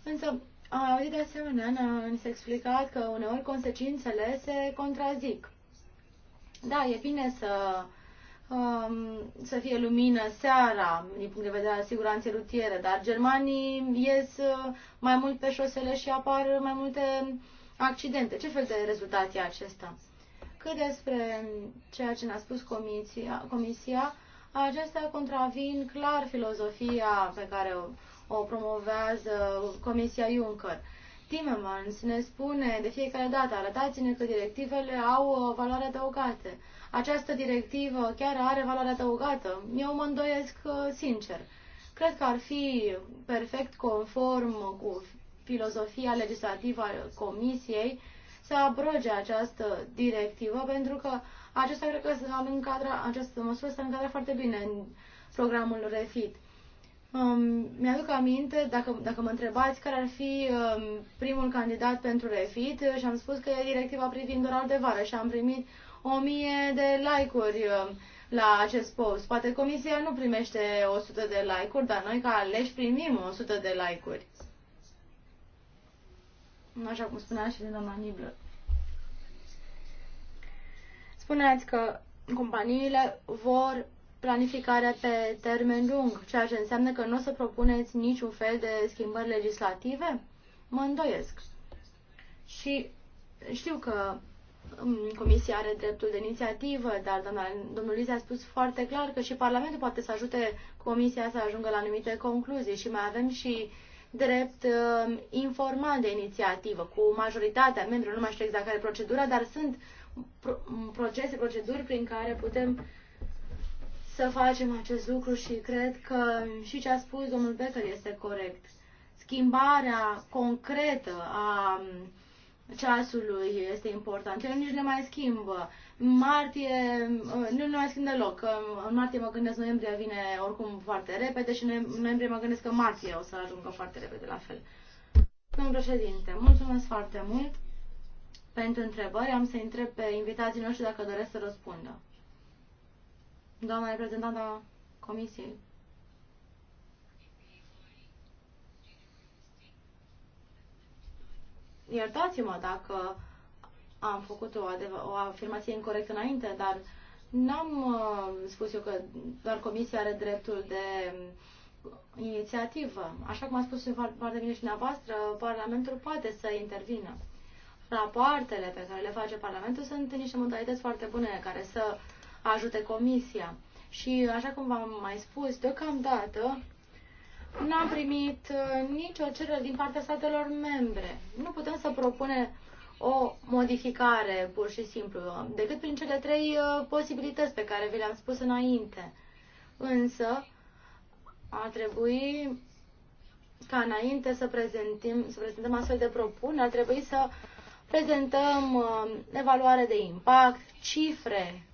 Însă, a de asemenea, ne a explicat că uneori consecințele se contrazic. Da, e bine să, um, să fie lumină seara, din punct de vedere al siguranței rutiere, dar germanii ies uh, mai mult pe șosele și apar mai multe accidente. Ce fel de rezultat e acesta? Cât despre ceea ce ne-a spus comisia, comisia, acestea contravin clar filozofia pe care o, o promovează Comisia Juncker. Timmermans ne spune de fiecare dată, arătați-ne că directivele au uh, valoare adăugată. Această directivă chiar are valoare adăugată? Eu mă îndoiesc uh, sincer. Cred că ar fi perfect conform cu filozofia legislativă a Comisiei să abroge această directivă, pentru că acesta cred că se încadra, această măsură se încadra foarte bine în programul REFIT. Um, mi-aduc aminte, dacă, dacă mă întrebați care ar fi um, primul candidat pentru refit, și am spus că e directiva privind orarul de vară și am primit o mie de like-uri um, la acest post. Poate comisia nu primește 100 de like-uri, dar noi ca aleși primim 100 de like-uri. Așa cum spunea și de doamna Nibler. Spuneați că companiile vor planificare pe termen lung, ceea ce înseamnă că nu o să propuneți niciun fel de schimbări legislative? Mă îndoiesc. Și știu că um, Comisia are dreptul de inițiativă, dar doamna, domnul Lize a spus foarte clar că și Parlamentul poate să ajute Comisia să ajungă la anumite concluzii și mai avem și drept uh, informal de inițiativă, cu majoritatea membrilor, nu mai știu exact care procedura, dar sunt pro- procese, proceduri prin care putem uh, să facem acest lucru și cred că și ce a spus domnul Becker este corect. Schimbarea concretă a ceasului este important. Eu nici nu mai schimbă. Martie, eh, nu, nu mai schimb deloc. În martie mă gândesc, noiembrie vine oricum foarte repede și în noiembrie mă gândesc că martie o să ajungă foarte repede la fel. Domnul președinte, mulțumesc foarte mult pentru întrebări. Am să întreb pe invitații noștri dacă doresc să răspundă. Doamna reprezentanta Comisiei. Iertați-mă dacă am făcut o, o afirmație incorrectă înainte, dar n-am uh, spus eu că doar Comisia are dreptul de um, inițiativă. Așa cum a spus foarte bine și dumneavoastră, Parlamentul poate să intervină. Rapoartele pe care le face Parlamentul sunt niște modalități foarte bune care să uh, ajute Comisia. Și, așa cum v-am mai spus, deocamdată n-am primit uh, nicio cerere din partea statelor membre. Nu putem să propunem o modificare, pur și simplu, decât prin cele trei uh, posibilități pe care vi le-am spus înainte. Însă, ar trebui ca înainte să, prezentăm să prezentăm astfel de propuneri, ar trebui să prezentăm uh, evaluare de impact, cifre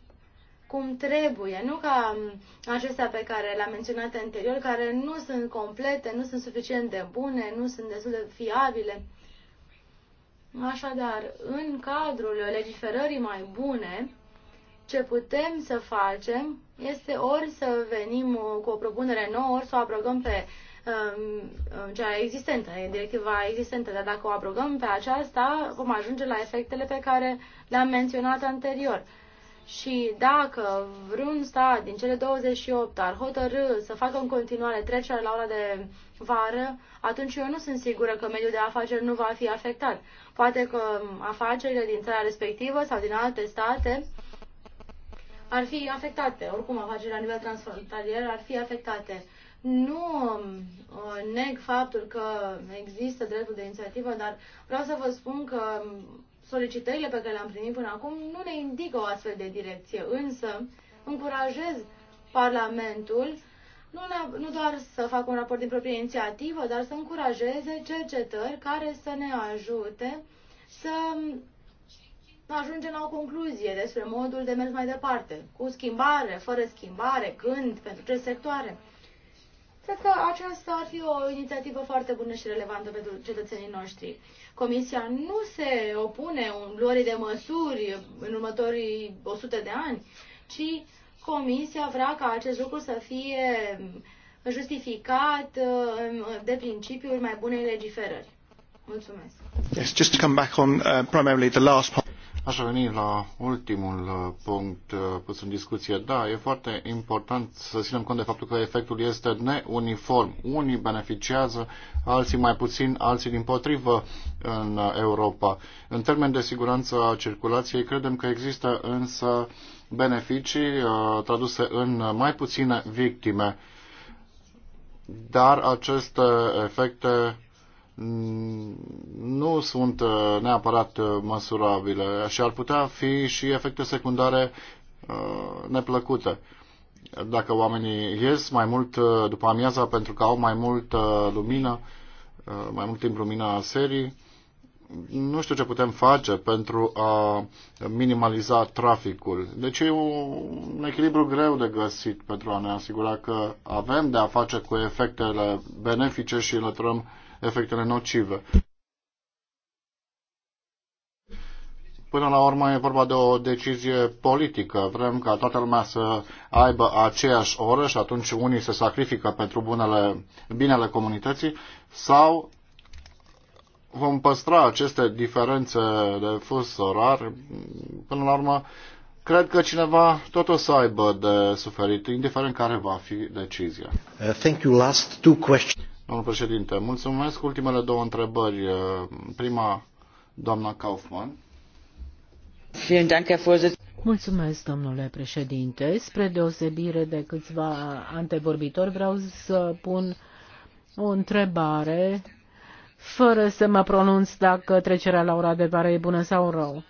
cum trebuie, nu ca um, acestea pe care le-am menționat anterior, care nu sunt complete, nu sunt suficient de bune, nu sunt destul de fiabile. Așadar, în cadrul legiferării mai bune, ce putem să facem este ori să venim uh, cu o propunere nouă, ori să o abrogăm pe um, uh, cea existentă, directiva existentă, dar dacă o abrogăm pe aceasta, vom ajunge la efectele pe care le-am menționat anterior. Și dacă vreun stat din cele 28 ar hotărâ să facă în continuare trecerea la ora de vară, atunci eu nu sunt sigură că mediul de afaceri nu va fi afectat. Poate că afacerile din țara respectivă sau din alte state ar fi afectate. Oricum, afacerile la nivel transfrontalier ar fi afectate. Nu uh, neg faptul că există dreptul de inițiativă, dar vreau să vă spun că solicitările pe care le-am primit până acum nu ne indică o astfel de direcție, însă încurajez Parlamentul nu, nu doar să facă un raport din proprie inițiativă, dar să încurajeze cercetări care să ne ajute să ajungem la o concluzie despre modul de mers mai departe, cu schimbare, fără schimbare, când, pentru ce sectoare. Cred că aceasta ar fi o inițiativă foarte bună și relevantă pentru cetățenii noștri. Comisia nu se opune luării de măsuri în următorii 100 de ani, ci Comisia vrea ca acest lucru să fie justificat uh, de principiul mai bunei legiferări. Mulțumesc. Yes, just to come back on uh, primarily the last part. Aș veni la ultimul uh, punct uh, pus în discuție. Da, e foarte important să ținem cont de faptul că efectul este neuniform. Unii beneficiază, alții mai puțin, alții din potrivă în Europa. În termen de siguranță a circulației, credem că există însă beneficii uh, traduse în mai puține victime. Dar aceste efecte Mm, nu sunt uh, neapărat uh, măsurabile și ar putea fi și efecte secundare uh, neplăcute. Dacă oamenii ies mai mult după amiaza pentru că au mai mult lumină, mai mult timp lumina serii, nu știu ce putem face pentru a minimaliza traficul. Deci e un echilibru greu de găsit pentru a ne asigura că avem de a face cu efectele benefice și lătrăm uh, efectele nocive. Până la urmă e vorba de o decizie politică. Vrem ca toată lumea să aibă aceeași oră și atunci unii se sacrifică pentru bunele, binele comunității sau vom păstra aceste diferențe de fus orar. Până la urmă, cred că cineva tot o să aibă de suferit, indiferent care va fi decizia. Uh, thank you. Last two questions. Domnul președinte, mulțumesc. Ultimele două întrebări. Prima, doamna Kaufmann. Mulțumesc, domnule președinte. Spre deosebire de câțiva antevorbitori, vreau să pun o întrebare fără să mă pronunț dacă trecerea la ora de vară e bună sau rău.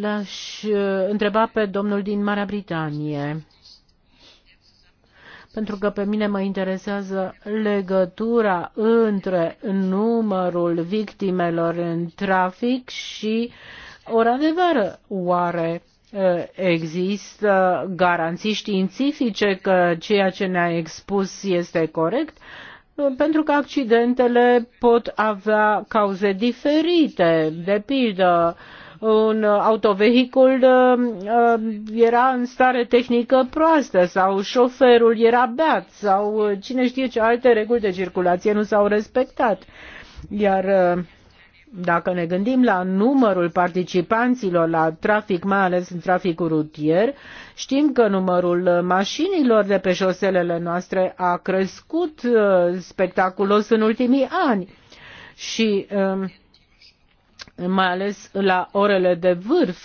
L-aș uh, întreba pe domnul din Marea Britanie pentru că pe mine mă interesează legătura între numărul victimelor în trafic și ori adevără oare există garanții științifice că ceea ce ne-a expus este corect? pentru că accidentele pot avea cauze diferite, de pildă un uh, autovehicul uh, uh, era în stare tehnică proastă sau șoferul era beat sau cine știe ce alte reguli de circulație nu s-au respectat. Iar dacă ne gândim la numărul participanților la trafic, mai ales în traficul rutier, știm că numărul mașinilor de pe șoselele noastre a crescut spectaculos în ultimii ani. Și mai ales la orele de vârf,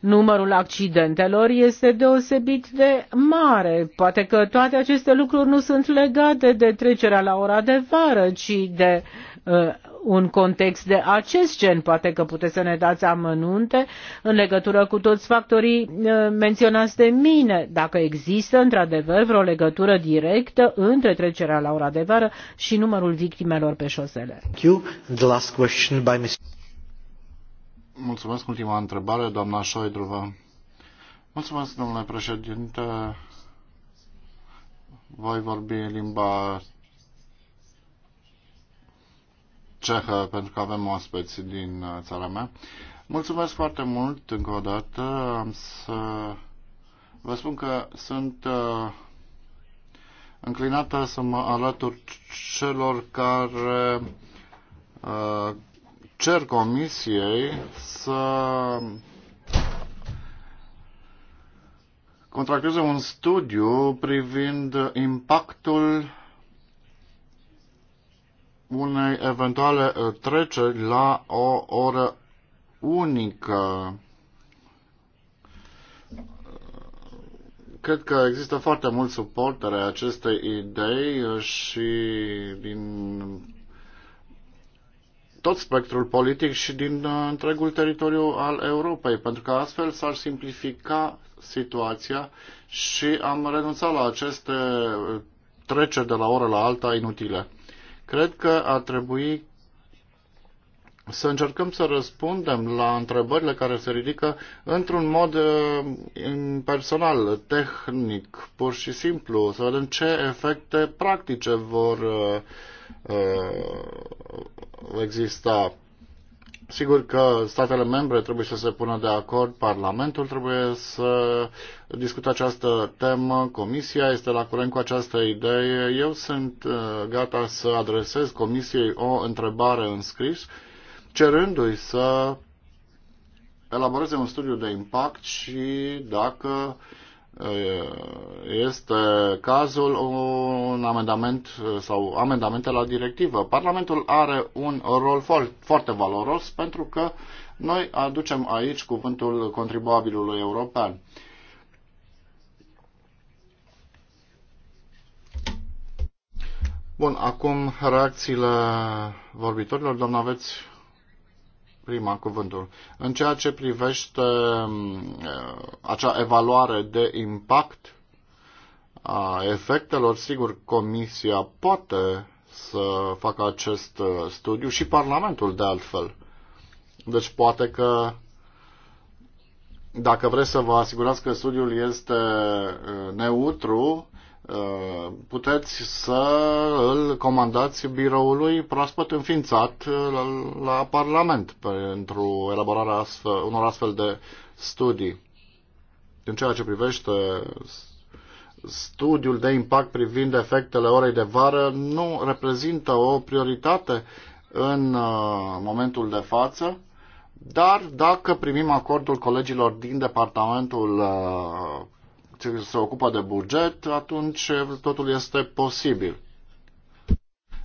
numărul accidentelor este deosebit de mare. Poate că toate aceste lucruri nu sunt legate de trecerea la ora de vară, ci de uh, un context de acest gen. Poate că puteți să ne dați amănunte în legătură cu toți factorii uh, menționați de mine, dacă există într-adevăr vreo legătură directă între trecerea la ora de vară și numărul victimelor pe șosele. Mulțumesc. Ultima întrebare, doamna Șoidruva. Mulțumesc, domnule președinte. Voi vorbi limba cehă, pentru că avem oaspeți din uh, țara mea. Mulțumesc foarte mult încă o dată. Am să vă spun că sunt uh, înclinată să mă alătur celor care uh, cer comisiei să contracteze un studiu privind impactul unei eventuale uh, treceri la o oră unică. Cred că există foarte mult suportare acestei idei uh, și din tot spectrul politic și din uh, întregul teritoriu al Europei, pentru că astfel s-ar simplifica situația și am renunțat la aceste treceri de la oră la alta inutile. Cred că ar trebui să încercăm să răspundem la întrebările care se ridică într-un mod uh, personal, tehnic, pur și simplu, să vedem ce efecte practice vor uh, uh, exista Sigur că statele membre trebuie să se pună de acord, Parlamentul trebuie să discute această temă, Comisia este la curent cu această idee. Eu sunt uh, gata să adresez Comisiei o întrebare în scris, cerându-i să elaboreze un studiu de impact și dacă uh, este cazul un amendament sau amendamente la directivă. Parlamentul are un rol foarte valoros pentru că noi aducem aici cuvântul contribuabilului european. Bun, acum reacțiile vorbitorilor. Doamna, aveți prima cuvântul. În ceea ce privește mm, acea evaluare de impact a efectelor, sigur, Comisia poate să facă acest uh, studiu și Parlamentul de altfel. Deci poate că dacă vreți să vă asigurați că studiul este uh, neutru, Uh, puteți să îl comandați biroului proaspăt înființat uh, la, la Parlament pentru elaborarea astfel, unor astfel de studii. În ceea ce privește studiul de impact privind efectele orei de vară, nu reprezintă o prioritate în uh, momentul de față, dar dacă primim acordul colegilor din departamentul se ocupă de buget, atunci totul este posibil.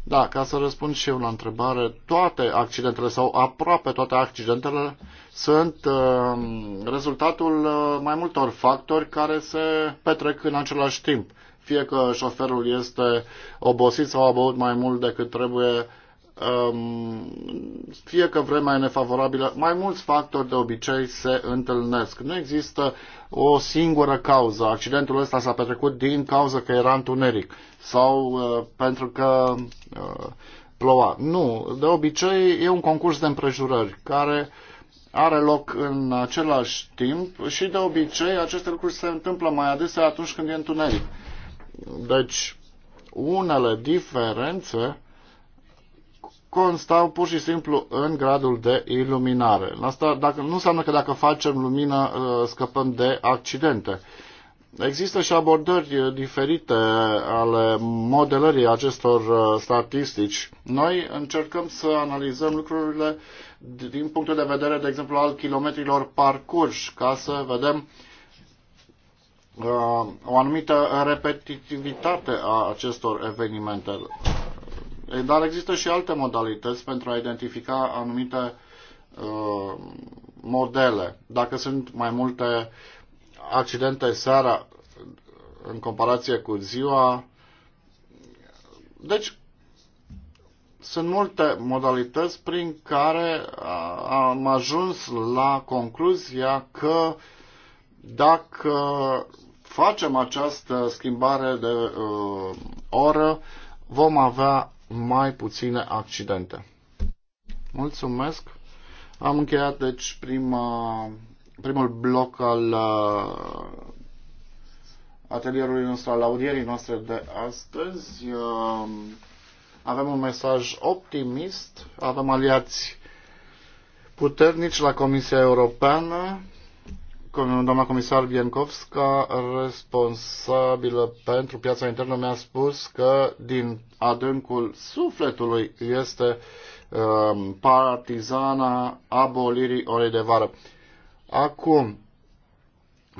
Da, ca să răspund și eu la întrebare, toate accidentele sau aproape toate accidentele sunt uh, rezultatul uh, mai multor factori care se petrec în același timp. Fie că șoferul este obosit sau a băut mai mult decât trebuie, Um, fie că vremea e nefavorabilă, mai mulți factori de obicei se întâlnesc. Nu există o singură cauză. Accidentul ăsta s-a petrecut din cauza că era întuneric sau uh, pentru că uh, ploua. Nu, de obicei e un concurs de împrejurări care are loc în același timp și de obicei aceste lucruri se întâmplă mai adesea atunci când e întuneric. Deci, unele diferențe constau pur și simplu în gradul de iluminare. Asta dacă, nu înseamnă că dacă facem lumină uh, scăpăm de accidente. Există și abordări uh, diferite ale modelării acestor uh, statistici. Noi încercăm să analizăm lucrurile din punctul de vedere, de exemplu, al kilometrilor parcurși, ca să vedem o anumită repetitivitate a acestor evenimente. Eh, dar există și alte modalități pentru a identifica anumite uh, modele. Dacă sunt mai multe accidente seara uh, în comparație cu ziua, deci sunt multe modalități prin care uh, am ajuns la concluzia că dacă facem această schimbare de uh, oră, vom avea mai puține accidente. Mulțumesc! Am încheiat, deci, prima, primul bloc al uh, atelierului nostru, al audierii noastre de astăzi. Uh, avem un mesaj optimist, avem aliați puternici la Comisia Europeană, doamna comisar Biancovska, responsabilă pentru piața internă, mi-a spus că din adâncul sufletului este uh, partizana abolirii orei de vară. Acum,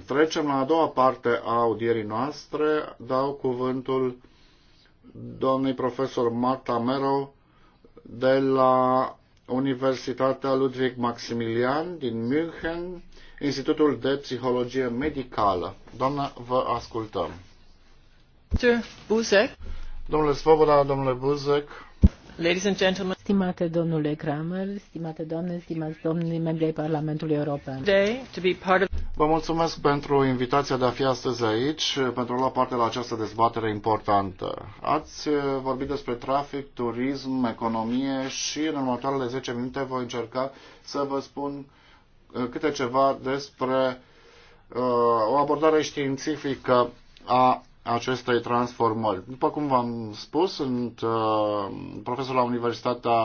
trecem la a doua parte a audierii noastre. Dau cuvântul doamnei profesor Marta Mero de la Universitatea Ludwig Maximilian din München, Institutul de Psihologie Medicală. Doamna, vă ascultăm. Buzek. Domnule Svoboda, domnule Buzek. Ladies and gentlemen. Stimate domnule Kramer, stimate doamne, stimați domnii membri ai Parlamentului European. Today, to be part of... Vă mulțumesc pentru invitația de a fi astăzi aici, pentru a lua parte la această dezbatere importantă. Ați vorbit despre trafic, turism, economie și în următoarele 10 minute voi încerca să vă spun uh, câte ceva despre uh, o abordare științifică a acestei transformări. După cum v-am spus, sunt uh, profesor la Universitatea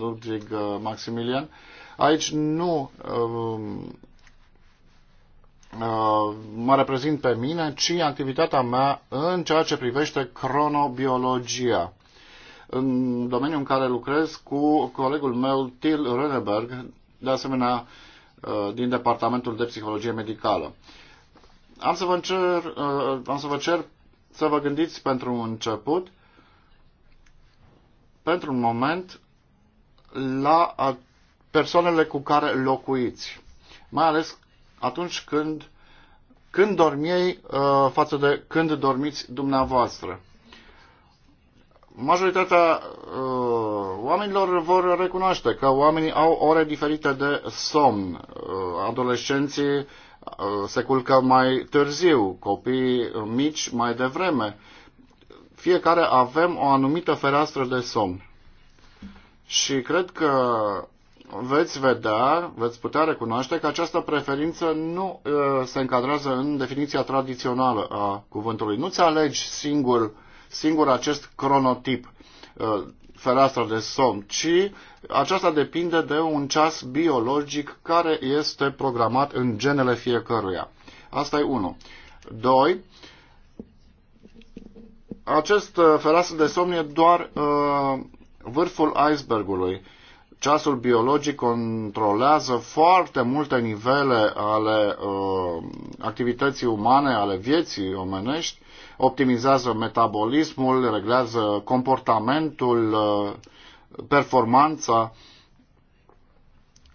Ludwig uh, Maximilian. Aici nu um, mă reprezint pe mine, ci activitatea mea în ceea ce privește cronobiologia. În domeniul în care lucrez cu colegul meu, Till Röneberg, de asemenea Uh, din Departamentul de Psihologie Medicală. Am să vă, cer, uh, am să vă cer să vă gândiți pentru un început, pentru un moment, la persoanele cu care locuiți. Mai ales atunci când, când dormiți uh, față de când dormiți dumneavoastră majoritatea uh, oamenilor vor recunoaște că oamenii au ore diferite de somn. Uh, adolescenții uh, se culcă mai târziu, copii uh, mici mai devreme. Fiecare avem o anumită fereastră de somn. Și cred că veți vedea, veți putea recunoaște că această preferință nu uh, se încadrează în definiția tradițională a cuvântului. Nu-ți alegi singur singur acest cronotip uh, fereastra de somn, ci aceasta depinde de un ceas biologic care este programat în genele fiecăruia. Asta e 1. 2. Acest uh, fereastră de somn e doar uh, vârful icebergului. Ceasul biologic controlează foarte multe nivele ale uh, activității umane, ale vieții omenești optimizează metabolismul, reglează comportamentul, uh, performanța,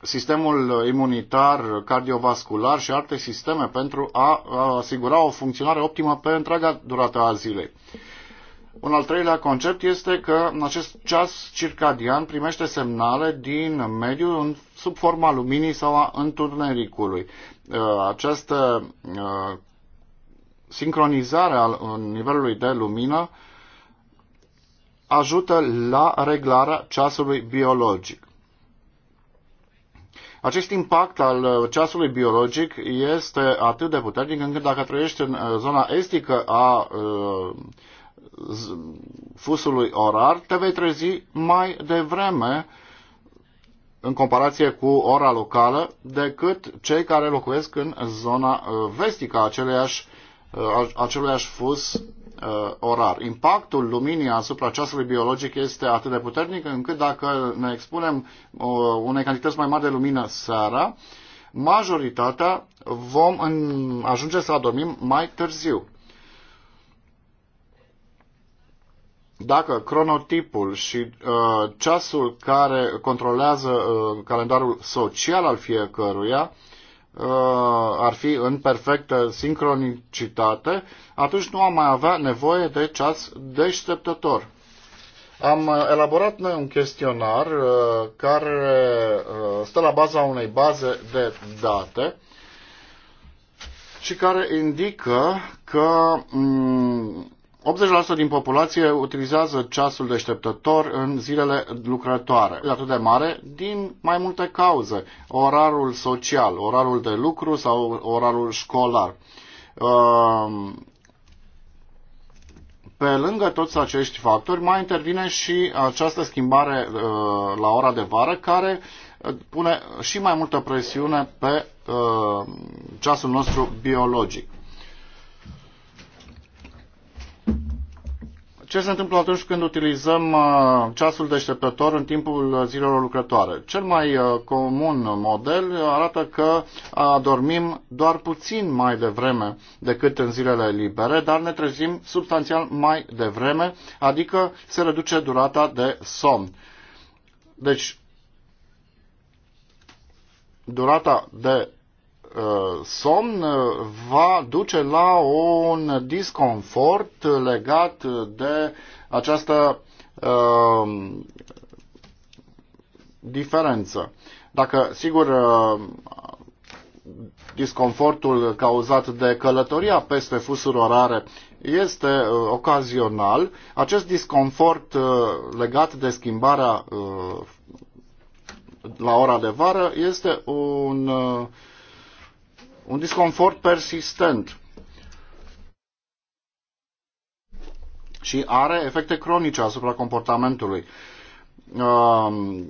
sistemul imunitar, cardiovascular și alte sisteme pentru a asigura o funcționare optimă pe întreaga durată a zilei. Un al treilea concept este că în acest ceas circadian primește semnale din mediu în, sub forma luminii sau a întunericului. Uh, această uh, sincronizare al nivelului de lumină ajută la reglarea ceasului biologic. Acest impact al uh, ceasului biologic este atât de puternic încât dacă trăiești în uh, zona estică a uh, fusului orar, te vei trezi mai devreme în comparație cu ora locală decât cei care locuiesc în zona vestică a aceleiași Uh, aceluiași fus uh, orar. Impactul luminii asupra ceasului biologic este atât de puternic încât dacă ne expunem uh, unei cantități mai mari de lumină seara, majoritatea vom ajunge să adormim mai târziu. Dacă cronotipul și uh, ceasul care controlează uh, calendarul social al fiecăruia uh, Uh, ar fi în perfectă sincronicitate, atunci nu am mai avea nevoie de ceas deșteptător. Am uh, elaborat noi un chestionar uh, care stă la baza unei baze de date și care indică că mm, 80% din populație utilizează ceasul deșteptător în zilele lucrătoare. E atât de mare din mai multe cauze. Orarul social, orarul de lucru sau orarul școlar. Ehm, pe lângă toți acești factori, mai intervine și această schimbare eh, la ora de vară, care eh, pune și mai multă presiune pe eh, ceasul nostru biologic. ce se întâmplă atunci când utilizăm uh, ceasul deșteptător în timpul uh, zilelor lucrătoare? Cel mai uh, comun model arată că dormim doar puțin mai devreme decât în zilele libere, dar ne trezim substanțial mai devreme, adică se reduce durata de somn. Deci, durata de Uh, somn va duce la un disconfort legat de această uh, diferență. Dacă, sigur, uh, disconfortul cauzat de călătoria peste fusuri orare este ocazional, acest disconfort legat de schimbarea la ora de vară este un uh, un disconfort persistent și are efecte cronice asupra comportamentului. Um,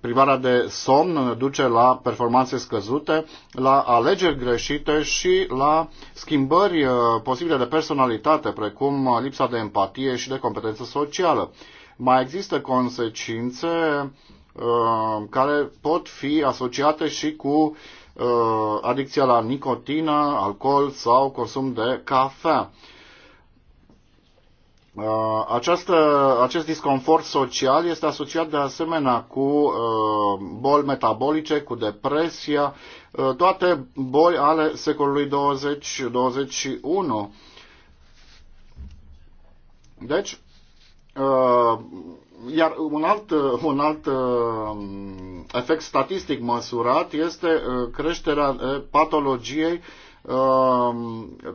privarea de somn duce la performanțe scăzute, la alegeri greșite și la schimbări uh, posibile de personalitate, precum lipsa de empatie și de competență socială. Mai există consecințe uh, care pot fi asociate și cu uh, Uh, adicția la nicotină, alcool sau consum de cafea. Uh, această, acest disconfort social este asociat de asemenea cu uh, boli metabolice, cu depresia, uh, toate boli ale secolului 20-21. Deci, uh, iar un alt, uh, un alt uh, efect statistic măsurat este uh, creșterea patologiei,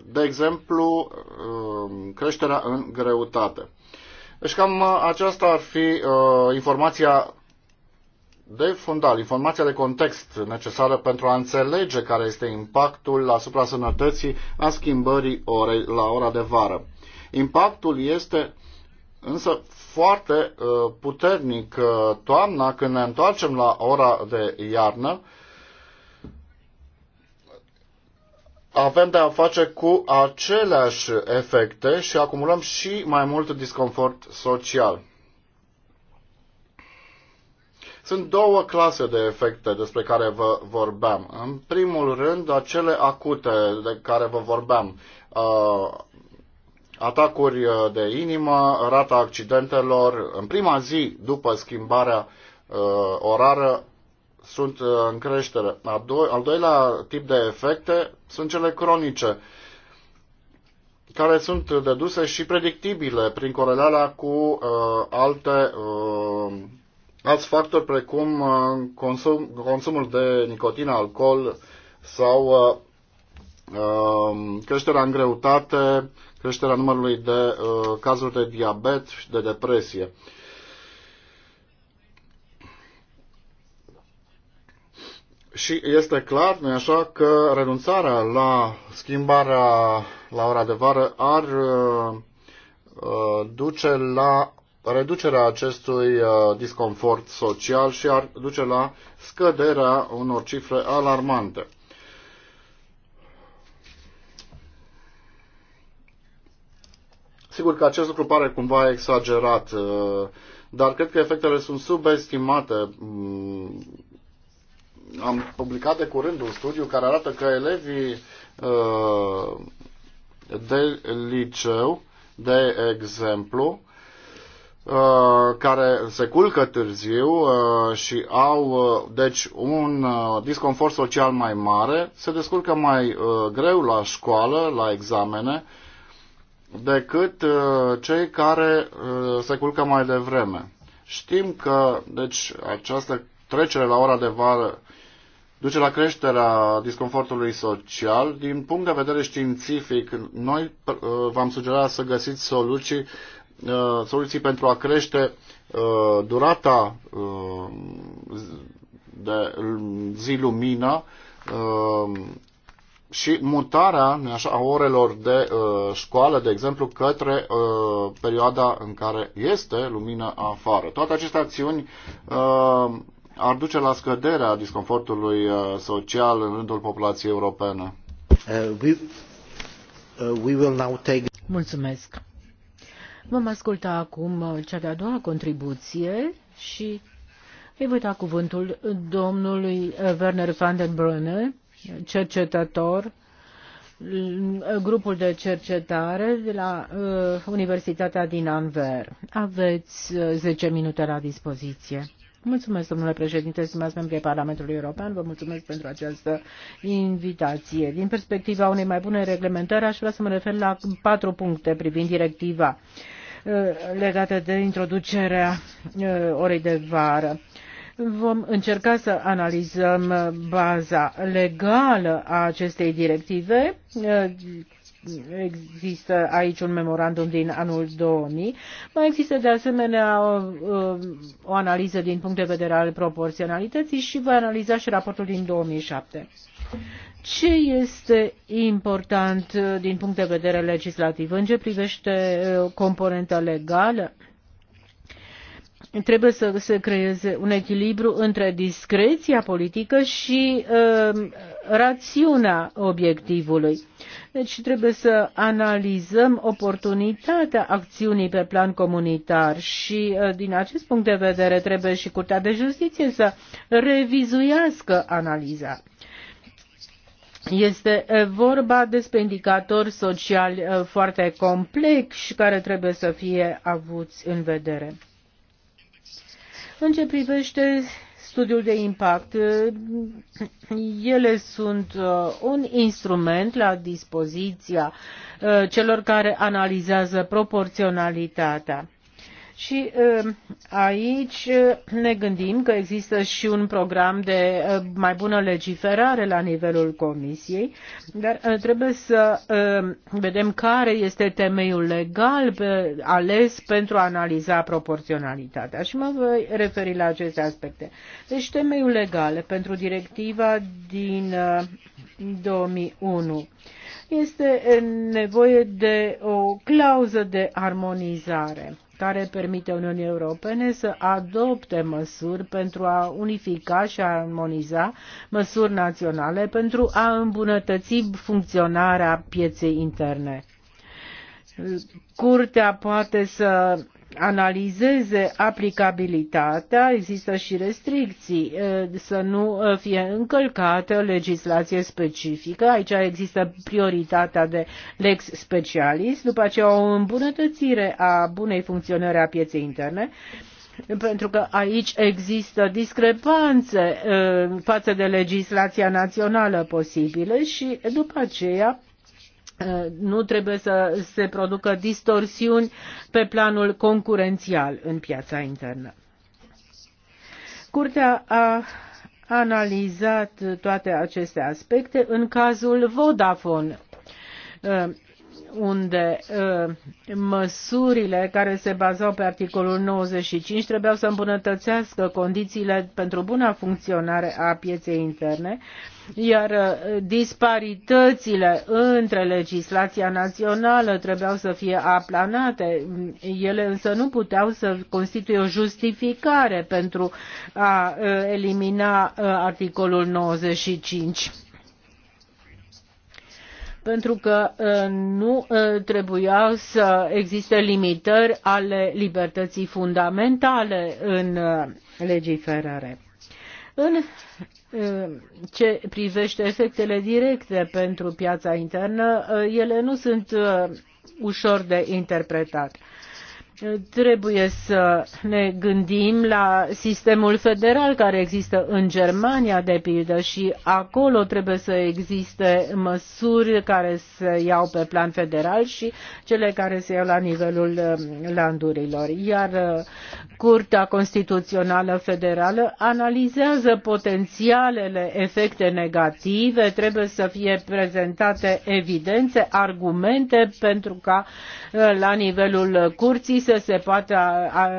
de exemplu, creșterea în greutate. Deci cam aceasta ar fi informația de fundal, informația de context necesară pentru a înțelege care este impactul asupra sănătății a schimbării orei la ora de vară. Impactul este uh, însă foarte uh, puternic uh, toamna, când ne întoarcem la ora de iarnă, avem de a face cu aceleași efecte și acumulăm și mai mult disconfort social. Sunt două clase de efecte despre care vă vorbeam. În primul rând, acele acute de care vă vorbeam. Uh, atacuri uh, de inimă, rata accidentelor în prima zi după schimbarea uh, orară sunt uh, în creștere. Al, do- al doilea tip de efecte sunt cele cronice, care sunt deduse și predictibile prin corelarea cu uh, alte uh, alți factori precum uh, consum, consumul de nicotină, alcool sau uh, uh creșterea în greutate, creșterea numărului de uh, cazuri de diabet și de depresie. Și este clar, nu așa, că renunțarea la schimbarea la ora de vară ar uh, uh duce la reducerea acestui uh, disconfort social și ar duce la scăderea unor cifre alarmante. Sigur că acest lucru pare cumva exagerat, uh, dar cred că efectele sunt subestimate. Mm, am publicat de curând un studiu care arată că elevii uh, de liceu, de exemplu, uh, care se culcă târziu și au deci un disconfort social mai mare, se descurcă mai greu la școală, la examene decât uh, cei care uh, se culcă mai devreme. Știm că deci, această trecere la ora de vară duce la creșterea disconfortului social. Din punct de vedere științific, noi uh, v-am sugerat să găsiți soluții, soluții pentru a crește durata de zi lumină și mutarea așa, a orelor de uh, școală, de exemplu, către uh, perioada în care este lumină afară. Toate aceste acțiuni uh, ar duce la scăderea disconfortului uh, social în rândul populației europene. Uh, we, uh, we will now take... Mulțumesc. Vom asculta acum cea de-a doua contribuție și îi voi da cuvântul domnului Werner van den Brunner cercetător grupul de cercetare de la uh, Universitatea din Anver. Aveți uh, 10 minute la dispoziție. Mulțumesc, domnule președinte, stimați membrii Parlamentului European, vă mulțumesc pentru această invitație. Din perspectiva unei mai bune reglementări, aș vrea să mă refer la patru puncte privind directiva uh, legată de introducerea uh, orei de vară. Uh, Vom încerca să analizăm baza legală a acestei directive. Există aici un memorandum din anul 2000. Mai există de asemenea o, o analiză din punct de vedere al proporționalității și voi analiza și raportul din 2007. Ce este important din punct de vedere legislativ în ce privește uh, componenta legală? trebuie să se creeze un echilibru între discreția politică și uh, rațiunea obiectivului. Deci trebuie să analizăm oportunitatea acțiunii pe plan comunitar și uh, din acest punct de vedere trebuie și Curtea de Justiție să revizuiască analiza. Este uh, vorba despre indicatori sociali uh, foarte complexi care trebuie să fie avuți în vedere. În ce privește studiul de impact, ele sunt uh, un instrument la dispoziția uh, celor care analizează proporționalitatea. Și uh, aici uh, ne gândim că există și un program de uh, mai bună legiferare la nivelul Comisiei, dar trebuie să vedem care este temeiul legal ales pentru a analiza proporționalitatea. Și mă voi referi la aceste aspecte. Deci temeiul legal pentru directiva din 2001 este nevoie de o clauză de armonizare care permite Uniunii Europene să adopte măsuri pentru a unifica și a armoniza măsuri naționale pentru a îmbunătăți funcționarea pieței interne. Curtea poate să analizeze aplicabilitatea, există și restricții să nu fie încălcată legislație specifică. Aici există prioritatea de lex specialis, după aceea o îmbunătățire a bunei funcționări a pieței interne pentru că aici există discrepanțe față de legislația națională posibile și după aceea Uh, nu trebuie să se producă distorsiuni pe planul concurențial în piața internă. Curtea a analizat toate aceste aspecte în cazul Vodafone uh, unde ă, măsurile care se bazau pe articolul 95 trebuiau să îmbunătățească condițiile pentru buna funcționare a pieței interne, iar ă, disparitățile între legislația națională trebuiau să fie aplanate. Ele însă nu puteau să constituie o justificare pentru a ă, elimina articolul 95 pentru că uh, nu uh, trebuiau să existe limitări ale libertății fundamentale în uh, legiferare. În ce privește efectele directe pentru piața internă, ele nu sunt ușor de interpretat. Trebuie să ne gândim la sistemul federal care există în Germania, de pildă, și acolo trebuie să existe măsuri care se iau pe plan federal și cele care se iau la nivelul uh, landurilor. Iar uh, Curtea Constituțională Federală analizează potențialele efecte negative, trebuie să fie prezentate evidențe, argumente pentru ca uh, la nivelul curții să se poată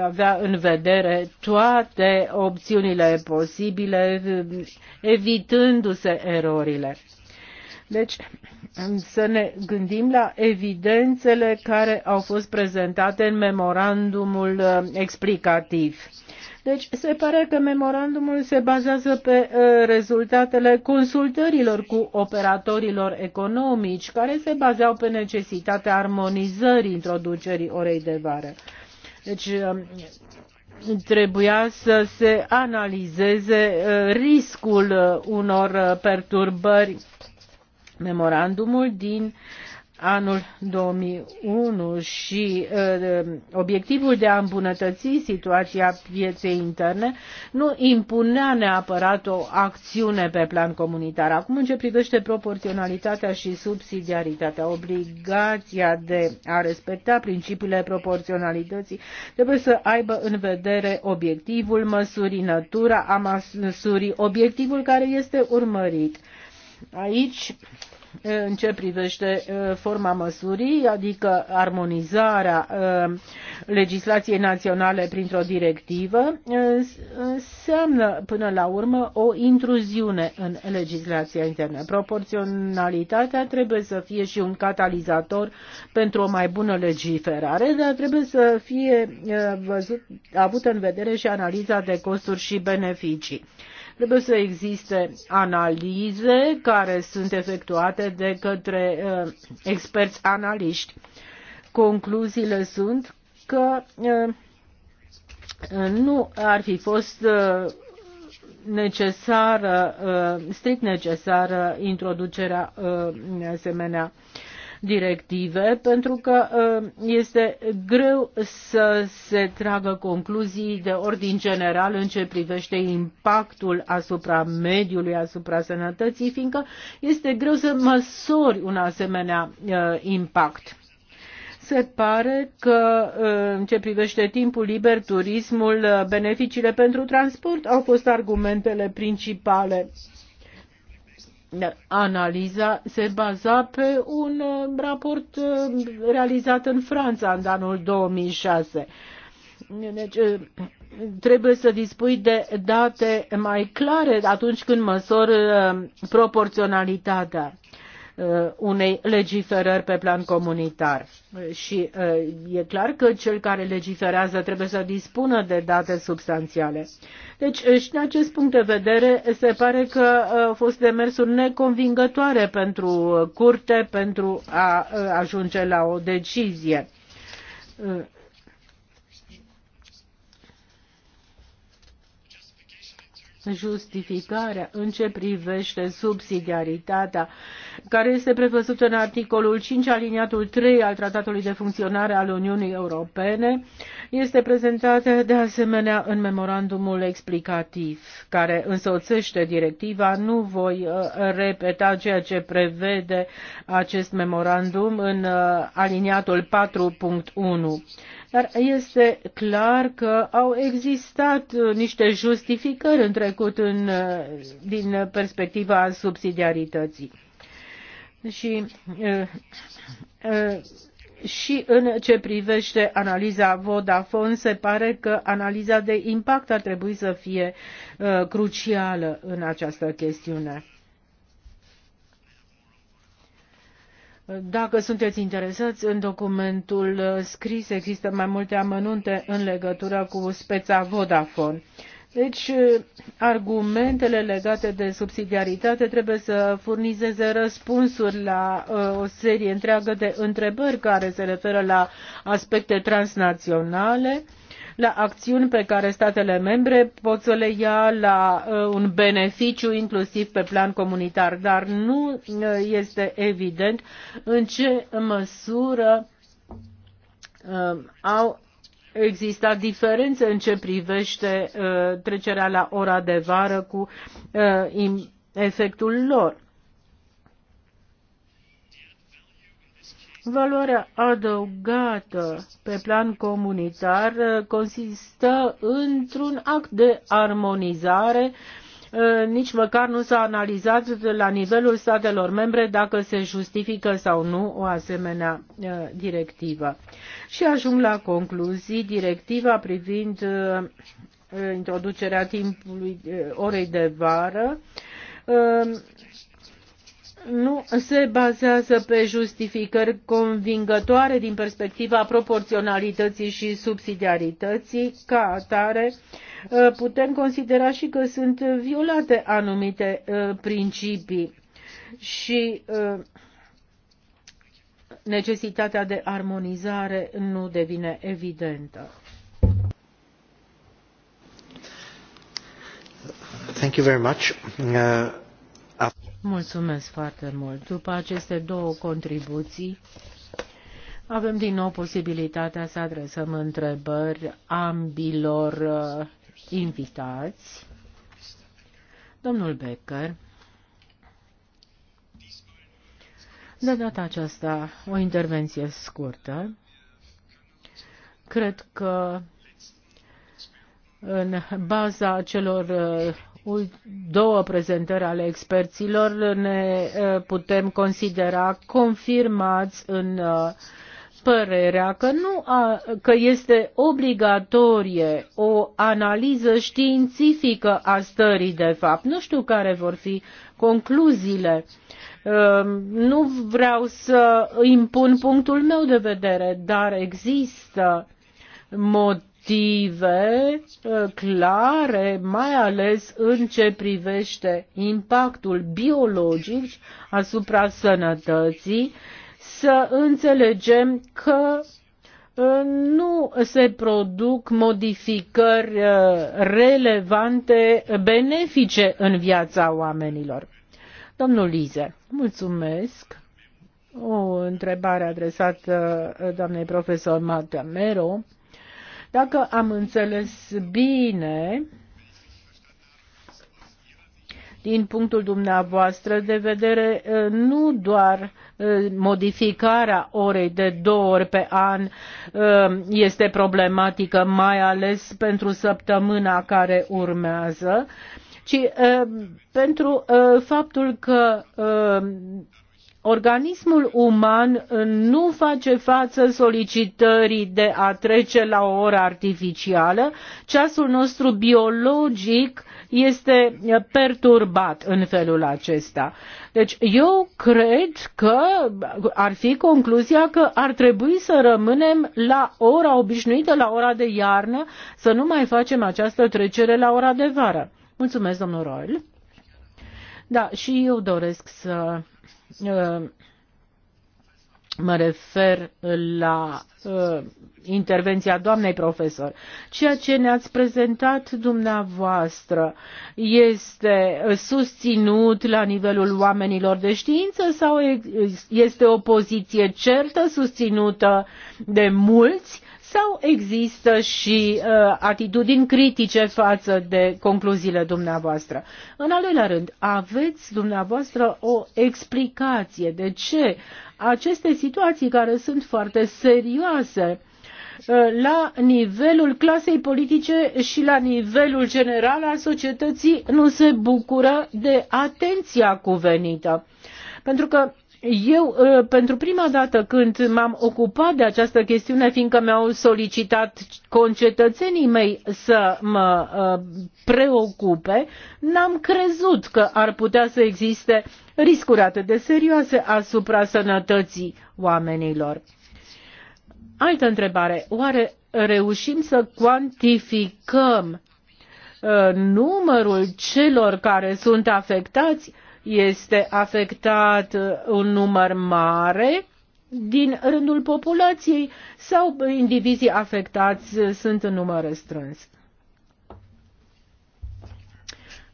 avea în vedere toate opțiunile posibile, evitându-se erorile. Deci, să ne gândim la evidențele care au fost prezentate în memorandumul uh, explicativ. Deci se pare că memorandumul se bazează pe rezultatele consultărilor cu operatorilor economici, care se bazeau pe necesitatea armonizării introducerii orei de vară. Deci trebuia să se analizeze riscul unor perturbări memorandumul din uh, anul 2001 și uh, obiectivul de a îmbunătăți situația pieței interne nu impunea neapărat o acțiune pe plan comunitar. Acum, în ce privește proporționalitatea și subsidiaritatea, obligația de a respecta principiile proporționalității trebuie să aibă în vedere obiectivul măsurii, natura a măsurii, obiectivul care este urmărit. Aici în ce privește uh, forma măsurii, adică armonizarea uh, legislației naționale printr-o directivă, înseamnă până la urmă o intruziune în legislația internă. Proporționalitatea trebuie să fie și un catalizator pentru o mai bună legiferare, dar trebuie să fie uh, văzut, avut în vedere și analiza de costuri și beneficii. Trebuie să existe analize care sunt efectuate de către uh, experți analiști. Concluziile sunt că uh, nu ar fi fost uh, necesară, uh, strict necesară introducerea uh, asemenea directive, pentru că uh, este greu să se tragă concluzii de ordin general în ce privește impactul asupra mediului, asupra sănătății, fiindcă este greu să măsori un asemenea uh, impact. Se pare că uh, în ce privește timpul liber, turismul, beneficiile pentru transport au fost argumentele principale analiza se baza pe un uh, raport uh, realizat în Franța în anul 2006. Deci, uh, trebuie să dispui de date mai clare atunci când măsori proporționalitatea. Uh, unei legiferări pe plan comunitar. Uh, și uh, e clar că cel care legiferează trebuie să dispună de date substanțiale. Deci, și din acest punct de vedere, se pare că au fost demersuri neconvingătoare pentru curte pentru a ajunge la o decizie justificarea în ce privește subsidiaritatea, care este prevăzută în articolul 5 aliniatul 3 al Tratatului de Funcționare al Uniunii Europene, este prezentată de asemenea în memorandumul explicativ care însoțește directiva. Nu voi uh, repeta ceea ce prevede acest memorandum în uh, aliniatul 4.1. Dar este clar că au existat uh, niște justificări în trecut în, uh, din perspectiva subsidiarității. Și uh, și în ce privește analiza Vodafone, se pare că analiza de impact ar trebui să fie crucială în această chestiune. Dacă sunteți interesați, în documentul scris există mai multe amănunte în legătură cu speța Vodafone. Deci, argumentele legate de subsidiaritate trebuie să furnizeze răspunsuri la uh, o serie întreagă de întrebări care se referă la aspecte transnaționale uh, la acțiuni pe care statele membre pot să le ia la uh, un beneficiu inclusiv pe plan comunitar, dar nu uh, este evident în ce măsură uh, au Există diferențe în ce privește uh, trecerea la ora de vară cu uh, efectul lor. Valoarea adăugată pe plan comunitar consistă într-un act de armonizare eh, nici măcar nu s-a analizat la nivelul statelor membre dacă se justifică sau nu o asemenea eh, directivă. Și ajung la concluzii. Directiva privind eh, introducerea timpului orei de vară nu se bazează pe justificări convingătoare din perspectiva proporționalității și subsidiarității. Ca atare, uh, putem considera și că sunt violate anumite uh, principii și uh, necesitatea de armonizare nu devine evidentă. Thank you very much. Uh, Mulțumesc foarte mult. După aceste două contribuții, avem din nou posibilitatea să adresăm întrebări ambilor uh, invitați. Domnul Becker, de data aceasta o intervenție scurtă. Cred că în baza celor uh, două prezentări ale experților ne putem considera confirmați în părerea că, nu a, că este obligatorie o analiză științifică a stării de fapt. Nu știu care vor fi concluziile. Nu vreau să impun punctul meu de vedere, dar există mod obiective uh, clare, mai ales în ce privește impactul biologic asupra sănătății, să înțelegem că uh, nu se produc modificări uh, relevante, benefice în viața oamenilor. Domnul Lize, mulțumesc. O întrebare adresată doamnei profesor Marta Mero. Dacă am înțeles bine, din punctul dumneavoastră de vedere, eh, nu doar eh, modificarea orei de două ori pe an eh, este problematică, mai ales pentru săptămâna care urmează, ci pentru faptul că organismul uman uh, nu face față solicitării de a trece la o oră artificială, ceasul nostru biologic este uh, perturbat în felul acesta. Deci eu cred că ar fi concluzia că ar trebui să rămânem la ora obișnuită, la ora de iarnă, să nu mai facem această trecere la ora de vară. Mulțumesc, domnul Royal. Da, și eu doresc să Uh, mă refer la uh, intervenția doamnei profesor. Ceea ce ne-ați prezentat dumneavoastră este uh, susținut la nivelul oamenilor de știință sau este o poziție certă susținută de mulți sau există și uh, atitudini critice față de concluziile dumneavoastră? În al doilea rând, aveți dumneavoastră o explicație de ce aceste situații care sunt foarte serioase uh, la nivelul clasei politice și la nivelul general al societății nu se bucură de atenția cuvenită. Pentru că eu, ă, pentru prima dată când m-am ocupat de această chestiune, fiindcă mi-au solicitat concetățenii mei să mă ă, preocupe, n-am crezut că ar putea să existe riscuri atât de serioase asupra sănătății oamenilor. Altă întrebare. Oare reușim să cuantificăm ă, numărul celor care sunt afectați? este afectat uh, un număr mare din rândul populației sau indivizii afectați uh, sunt în număr restrâns?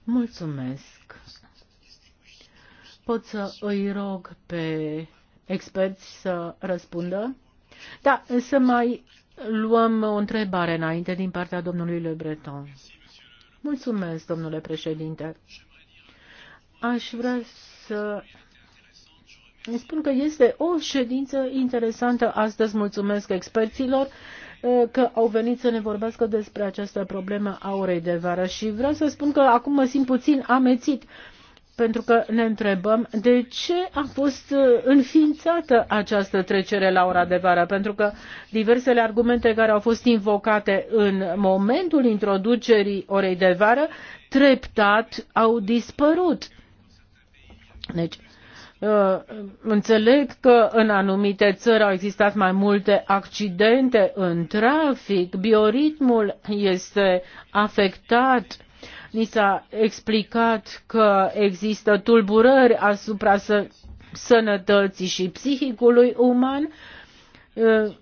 Mulțumesc. Pot să îi rog pe experți să răspundă? Da, să mai luăm o întrebare înainte din partea domnului Le Breton. Mulțumesc, domnule președinte aș vrea să spun că este o ședință interesantă astăzi. Mulțumesc experților că au venit să ne vorbească despre această problemă a orei de vară și vreau să spun că acum mă simt puțin amețit pentru că ne întrebăm de ce a fost înființată această trecere la ora de vară, pentru că diversele argumente care au fost invocate în momentul introducerii orei de vară treptat au dispărut deci, uh, Înțeleg că în anumite țări au existat mai multe accidente în trafic, bioritmul este afectat. Ni s-a explicat că există tulburări asupra să sănătății și psihicului uman, uh,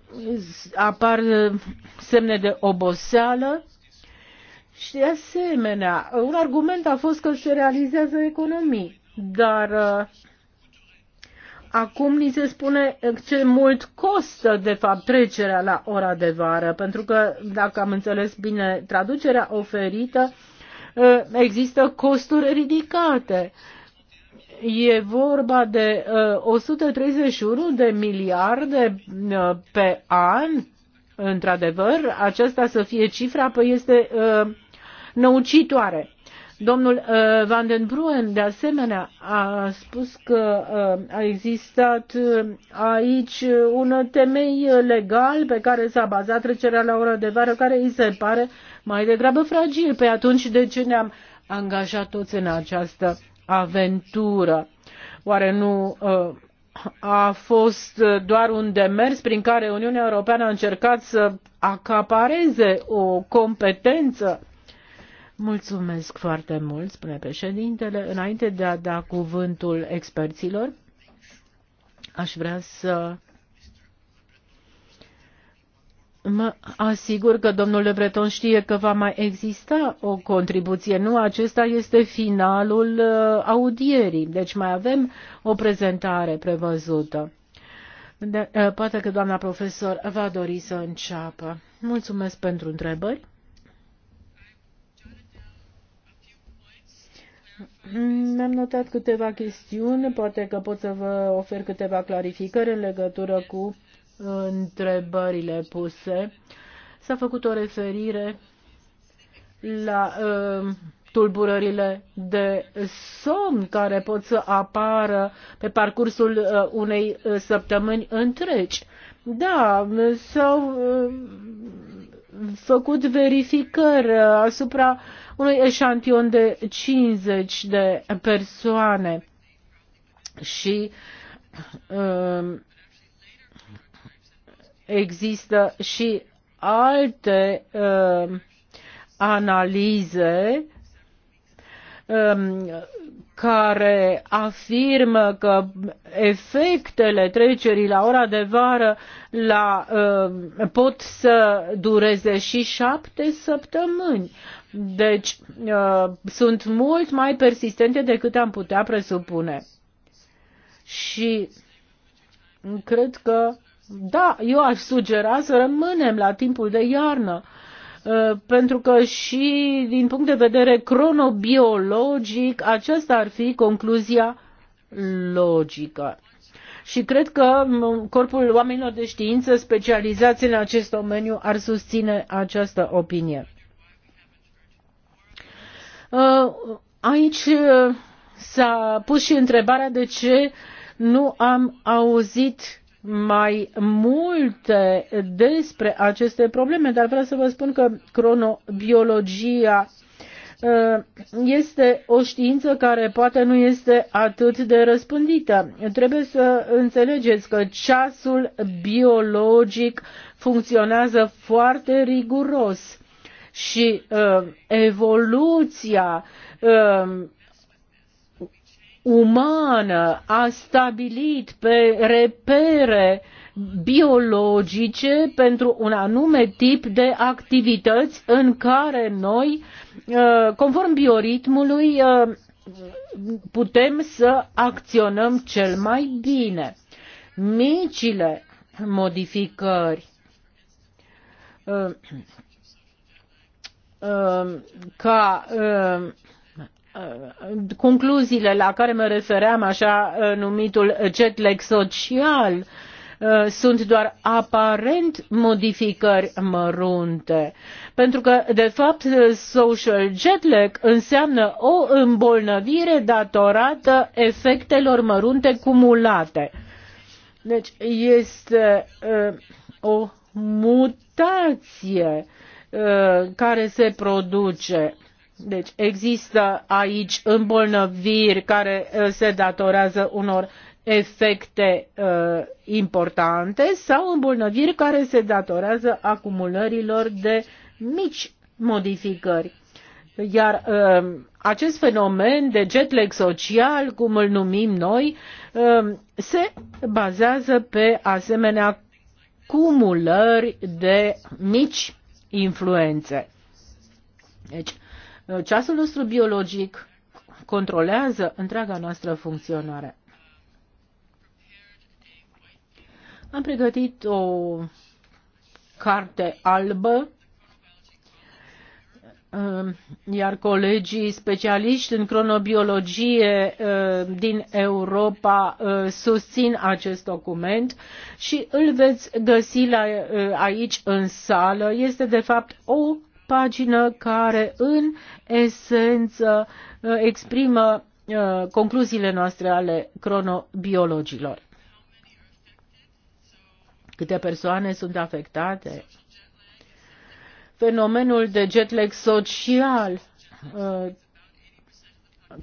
apar uh, semne de oboseală și de asemenea, un argument a fost că se realizează economii dar uh, acum ni se spune ce mult costă, de fapt, trecerea la ora de vară, pentru că, dacă am înțeles bine traducerea oferită, uh, există costuri ridicate. E vorba de 131 uh, de miliarde pe an, într-adevăr, aceasta să fie cifra, păi este năucitoare. Domnul uh, Van den Bruen, de asemenea, a spus că uh, a existat uh, aici un temei legal pe care s-a bazat trecerea la ora de vară, care îi se pare mai degrabă fragil. Pe atunci, de ce ne-am angajat toți în această aventură? Oare nu a fost doar un demers prin care Uniunea Europeană a încercat să acapareze o competență Mulțumesc foarte mult, spune președintele. Înainte de a da cuvântul experților, aș vrea să Mă asigur că domnul Le Breton știe că va mai exista o contribuție. Nu, acesta este finalul uh, audierii, deci mai avem o prezentare prevăzută. De, uh, poate că doamna profesor va dori să înceapă. Mulțumesc pentru întrebări. Mm, Mi-am notat câteva chestiuni, poate că pot să vă ofer câteva clarificări în legătură cu uh, întrebările puse. S-a făcut o referire la uh, tulburările de somn care pot să apară pe parcursul uh, unei uh, săptămâni întregi. Da, s-au uh, făcut verificări uh, asupra unui eșantion de 50 de persoane și um, există și alte um, analize um, care afirmă că efectele trecerii la ora de vară la, uh, pot să dureze și șapte săptămâni. Deci uh, sunt mult mai persistente decât am putea presupune. Și cred că, da, eu aș sugera să rămânem la timpul de iarnă Uh, pentru că și din punct de vedere cronobiologic aceasta ar fi concluzia logică. Și cred că um, corpul oamenilor de știință specializați în acest domeniu ar susține această opinie. Uh, aici uh, s-a pus și întrebarea de ce nu am auzit mai multe despre aceste probleme, dar vreau să vă spun că cronobiologia uh, este o știință care poate nu este atât de răspândită. Trebuie să înțelegeți că ceasul biologic funcționează foarte riguros și uh, evoluția uh, umană a stabilit pe repere biologice pentru un anume tip de activități în care noi, uh, conform bioritmului, uh, putem să acționăm cel mai bine. Micile modificări uh, ca Uh, concluziile la care mă refeream, așa uh, numitul jet lag social, uh, sunt doar aparent modificări mărunte. Pentru că, de fapt, social jet lag înseamnă o îmbolnăvire datorată efectelor mărunte cumulate. Deci este uh, o mutație uh, care se produce. Deci există aici îmbolnăviri care uh, se datorează unor efecte uh, importante sau îmbolnăviri care se datorează acumulărilor de mici modificări. Iar uh, acest fenomen de jet lag social, cum îl numim noi, uh, se bazează pe asemenea cumulări de mici influențe. Deci, uh, ceasul nostru biologic controlează întreaga noastră funcționare. Am pregătit o carte albă, um, iar colegii specialiști în cronobiologie um, din Europa um, susțin acest document și îl veți găsi la, aici în sală. Este de fapt o pagină care în esență uh, exprimă uh, concluziile noastre ale cronobiologilor. Câte persoane sunt afectate? Fenomenul de jet lag social. Uh,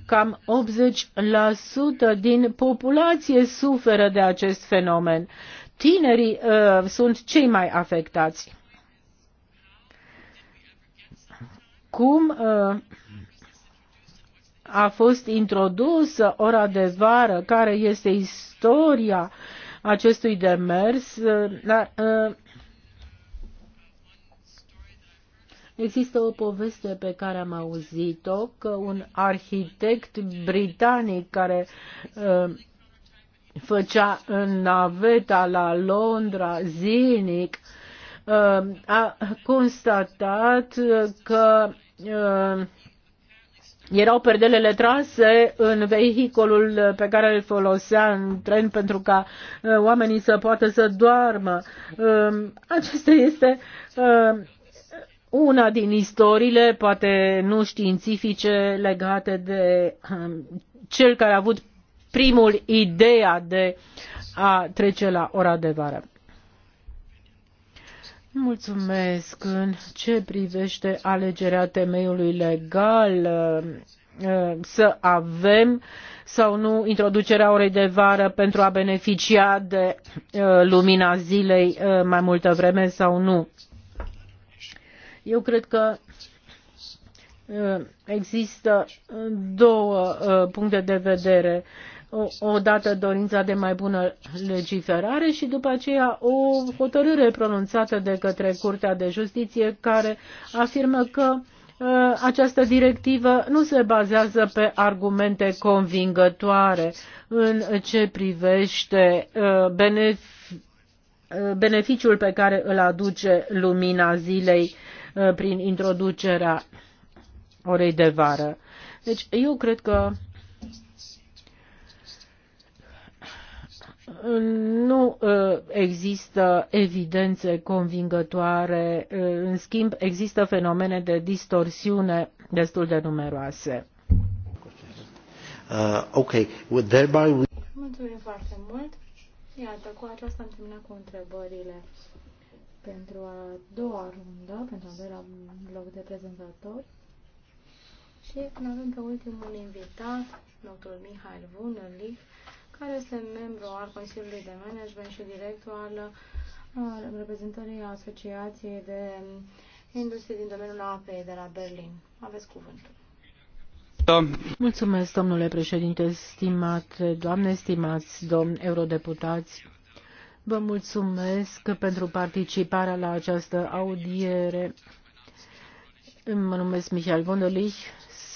cam 80% din populație suferă de acest fenomen. Tinerii uh, sunt cei mai afectați. cum uh, a fost introdusă ora de vară, care este istoria acestui demers, uh, dar uh, Există o poveste pe care am auzit-o că un arhitect britanic care uh, făcea naveta la Londra zilnic uh, a constatat că Uh, erau perdelele trase în vehiculul pe care îl folosea în tren pentru ca uh, oamenii să poată să doarmă. Um, acesta este uh, una din istoriile, poate nu științifice, legate de um, cel care a avut primul ideea de a trece la ora de vară. Mulțumesc. În ce privește alegerea temeiului legal, uh, uh, să avem sau nu introducerea orei de vară pentru a beneficia de uh, lumina zilei mai multă vreme sau nu. Eu cred că există două puncte de vedere o odată dorința de mai bună legiferare și după aceea o hotărâre pronunțată de către Curtea de Justiție care afirmă că ă, această directivă nu se bazează pe argumente convingătoare în ce privește ă, ă, beneficiul pe care îl aduce lumina zilei prin introducerea orei de vară. Deci eu cred că nu uh, există evidențe convingătoare, uh, în schimb există fenomene de distorsiune destul de numeroase. Uh, okay. well, thereby we... Mulțumim foarte mult. Iată, cu aceasta am terminat cu întrebările pentru a doua rundă, pentru a doilea loc de prezentatori. Și ne avem pe ultimul invitat, doctorul Mihail Vunelich, care este membru al Consiliului de Management și director al reprezentării Asociației de Industrie din domeniul apei de la Berlin. Aveți cuvântul. Mulțumesc, domnule președinte, stimate doamne, stimați domni eurodeputați. Vă mulțumesc pentru participarea la această audiere. Mă numesc Michael Gondelich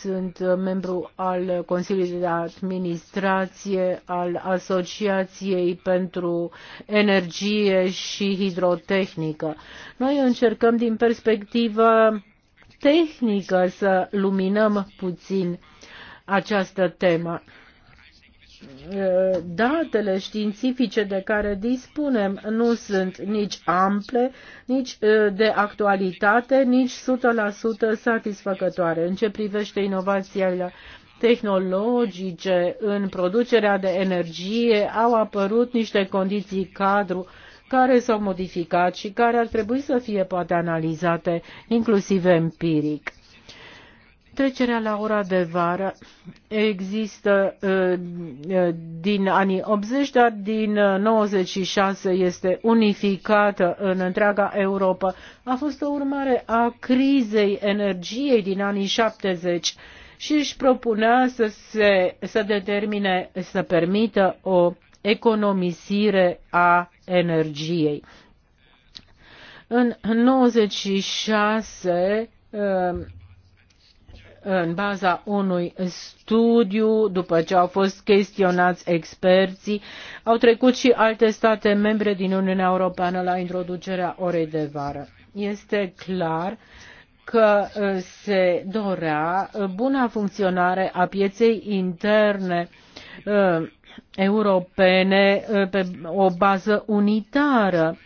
sunt membru al Consiliului de Administrație al Asociației pentru Energie și Hidrotehnică. Noi încercăm din perspectivă tehnică să luminăm puțin această temă datele științifice de care dispunem nu sunt nici ample, nici uh, de actualitate, nici 100% satisfăcătoare. În ce privește inovația tehnologice în producerea de energie, au apărut niște condiții cadru care s-au modificat și care ar trebui să fie poate analizate inclusiv empiric. Trecerea la ora de vară există uh, uh, din anii 80, dar din 96 uh, este unificată în întreaga Europa. A fost o urmare a crizei energiei din anii 70 și își propunea să, se, să determine, să permită o economisire a energiei. În 96 în baza unui studiu, după ce au fost chestionați experții, au trecut și alte state membre din Uniunea Europeană la introducerea orei de vară. Este clar că uh, se dorea uh, buna funcționare a pieței interne uh, europene pe o bază unitară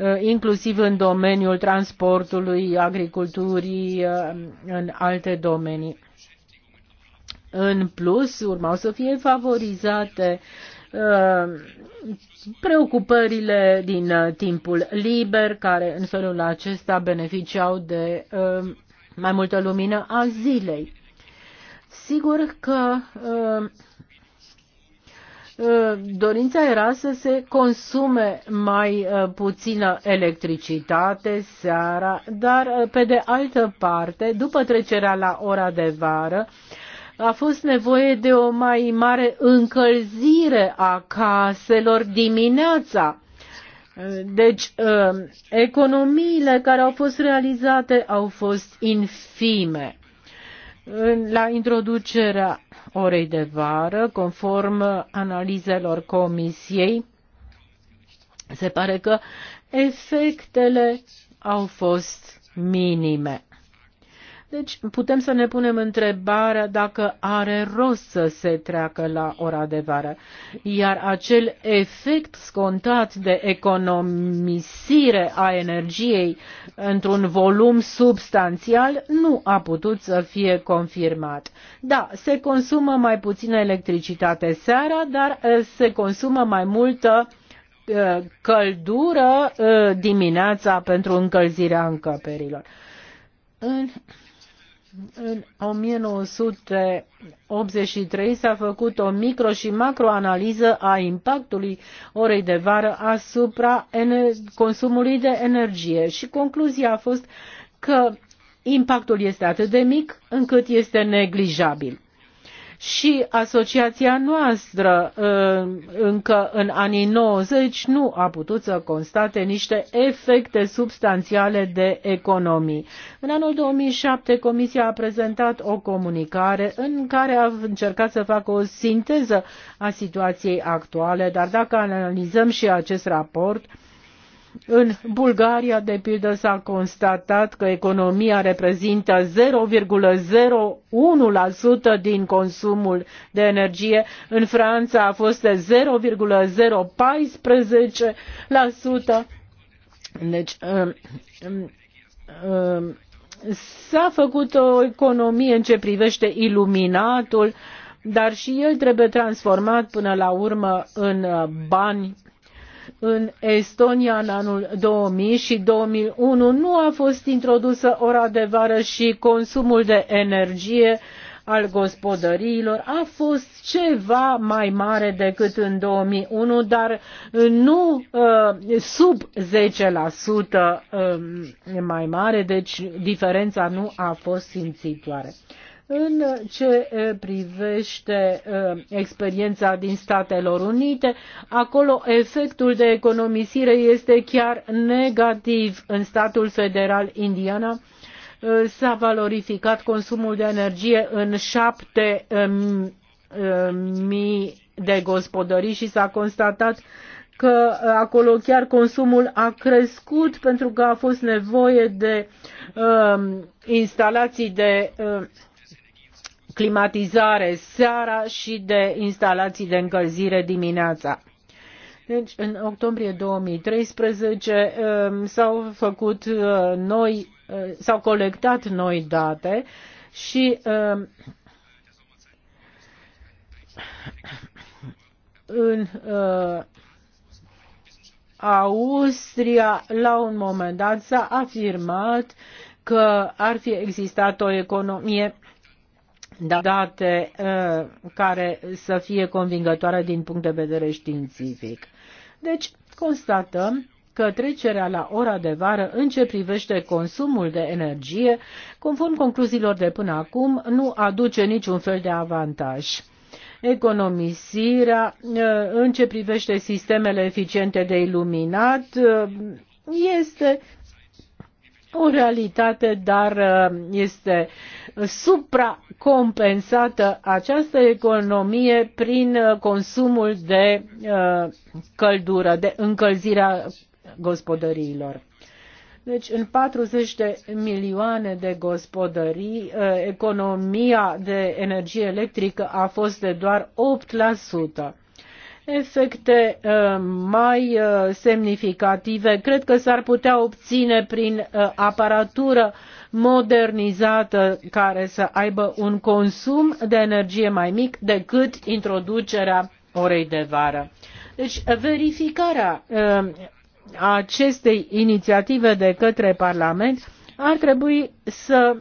Uh, inclusiv în domeniul transportului, agriculturii, uh, în alte domenii. În plus, urmau să fie favorizate uh, preocupările din timpul liber, care în felul acesta beneficiau de mai multă lumină a zilei. Sigur că uh, dorința era să se consume mai uh, puțină electricitate seara, dar uh, pe de altă parte, după trecerea la ora de vară, a fost nevoie de o mai mare încălzire a caselor dimineața. Deci, uh, economiile care au fost realizate au fost infime. La introducerea orei de vară, conform analizelor comisiei. Se pare că efectele au fost minime. Deci putem să ne punem întrebarea dacă are rost să se treacă la ora de vară. Iar acel efect scontat de economisire a energiei într-un volum substanțial nu a putut să fie confirmat. Da, se consumă mai puțină electricitate seara, dar uh, se consumă mai multă uh, căldură uh, dimineața pentru încălzirea încăperilor. În 1983 s-a făcut o micro și macroanaliză a impactului orei de vară asupra consumului de energie și concluzia a fost că impactul este atât de mic încât este neglijabil și asociația noastră ă, încă în anii 90 nu a putut să constate niște efecte substanțiale de economii. În anul 2007 Comisia a prezentat o comunicare în care a încercat să facă o sinteză a situației actuale, dar dacă analizăm și acest raport, în Bulgaria, de pildă, s-a constatat că economia reprezintă 0,01% din consumul de energie. În Franța a fost de 0,014%. Deci, um, um, um, s-a făcut o economie în ce privește iluminatul, dar și el trebuie transformat până la urmă în uh, bani în Estonia în anul 2000 și 2001 nu a fost introdusă ora de vară și consumul de energie al gospodăriilor a fost ceva mai mare decât în 2001, dar uh, nu uh, sub 10% um, mai mare, deci diferența nu a fost simțitoare. În ce privește experiența din Statelor Unite, acolo efectul de economisire este chiar negativ. În statul federal Indiana s-a valorificat consumul de energie în șapte mii de gospodării și s-a constatat că acolo chiar consumul a crescut pentru că a fost nevoie de uh, instalații de uh, climatizare seara și de instalații de încălzire dimineața. Deci, în octombrie 2013 um, s-au făcut uh, noi, uh, s-au colectat noi date și um, în uh, Austria, la un moment dat, s-a afirmat că ar fi existat o economie da. date uh, care să fie convingătoare din punct de vedere științific. Deci, constatăm că trecerea la ora de vară în ce privește consumul de energie, conform concluziilor de până acum, nu aduce niciun fel de avantaj economisirea uh, în ce privește sistemele eficiente de iluminat uh, este o realitate, dar uh, este supracompensată această economie prin uh, consumul de uh, căldură, de încălzirea gospodăriilor. Deci în 40 de milioane de gospodării, economia de energie electrică a fost de doar 8% efecte uh, mai uh, semnificative cred că s-ar putea obține prin uh, aparatură modernizată care să aibă un consum de energie mai mic decât introducerea orei de vară. Deci verificarea acestei inițiative de către Parlament ar trebui să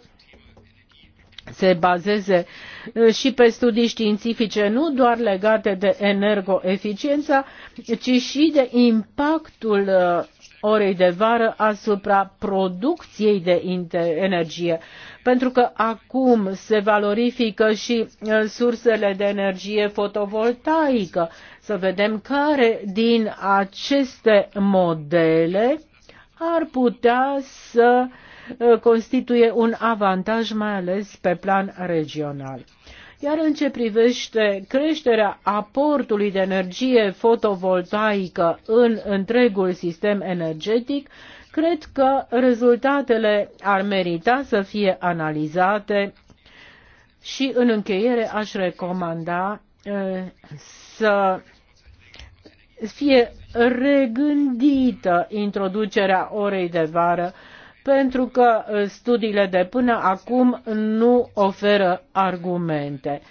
se bazeze uh, și pe studii științifice, nu doar legate de energoeficiența, ci și de impactul uh, orei de vară asupra producției de energie. Pentru că acum se valorifică și uh, sursele de energie fotovoltaică. Să vedem care din aceste modele ar putea să uh, constituie un avantaj, mai ales pe plan regional. Iar în ce privește creșterea aportului de energie fotovoltaică în întregul sistem energetic, cred că rezultatele ar merita să fie analizate și în încheiere aș recomanda să fie regândită introducerea orei de vară pentru că uh, studiile de până acum nu oferă argumente.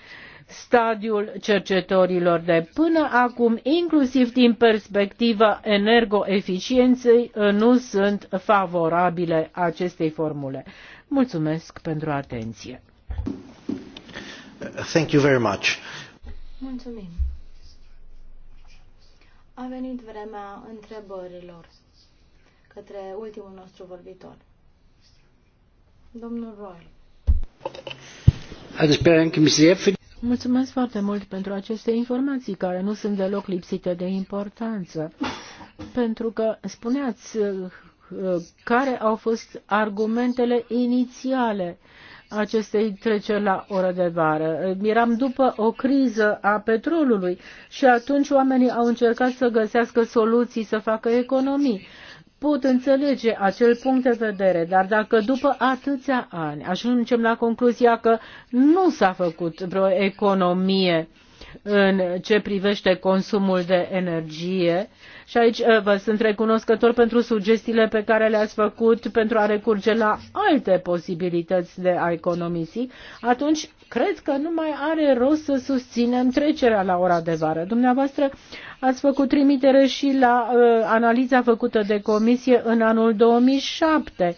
Stadiul cercetorilor de până acum, inclusiv din perspectiva energoeficienței, uh, nu sunt favorabile acestei formule. Mulțumesc pentru atenție. Uh, thank you very much. Mulțumim. A venit vremea întrebărilor către ultimul nostru vorbitor. Domnul Roy. Mulțumesc foarte mult pentru aceste informații care nu sunt deloc lipsite de importanță. Pentru că spuneați uh, uh, care au fost argumentele inițiale acestei treceri la oră de vară. Eram după o criză a petrolului și atunci oamenii au încercat să găsească soluții, să facă economii pot înțelege acel punct de vedere, dar dacă după atâția ani ajungem la concluzia că nu s-a făcut vreo economie în ce privește consumul de energie și aici uh, vă sunt recunoscător pentru sugestiile pe care le-ați făcut pentru a recurge la alte posibilități de a economisi, atunci cred că nu mai are rost să susținem trecerea la ora de vară. Dumneavoastră ați făcut trimitere și la uh, analiza făcută de comisie în anul 2007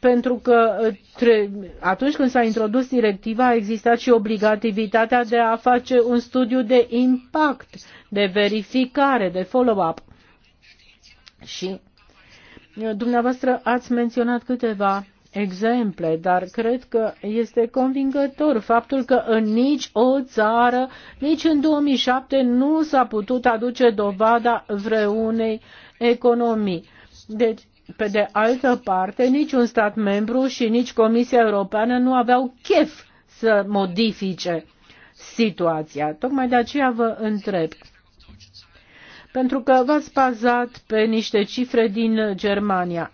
pentru că uh, atunci când s-a introdus directiva a existat și obligativitatea de a face un studiu de impact, de verificare, de follow-up. Și uh, dumneavoastră ați menționat câteva exemple, dar cred că este convingător faptul că în nici o țară, nici în 2007 nu s-a putut aduce dovada vreunei economii. Deci, pe de altă parte, niciun stat membru și nici Comisia Europeană nu aveau chef să modifice situația. Tocmai de aceea vă întreb. Pentru că v-ați bazat pe niște cifre din Germania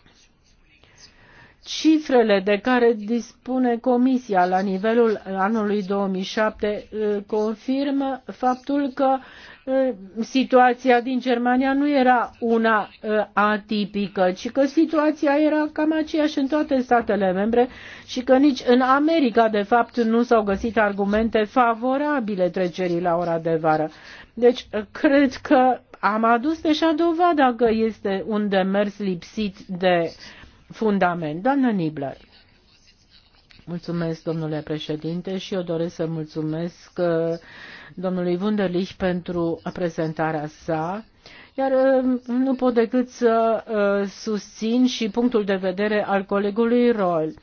cifrele de care dispune Comisia la nivelul anului 2007 uh, confirmă faptul că uh, situația din Germania nu era una uh, atipică, ci că situația era cam aceeași în toate statele membre și că nici în America, de fapt, nu s-au găsit argumente favorabile trecerii la ora de vară. Deci, cred că am adus deja dovada că este un demers lipsit de uh, fundament. Doamnă Nibler. Mulțumesc, domnule președinte, și eu doresc să mulțumesc uh, domnului Wunderlich pentru prezentarea sa. Iar uh, nu pot decât să uh, susțin și punctul de vedere al colegului Roll.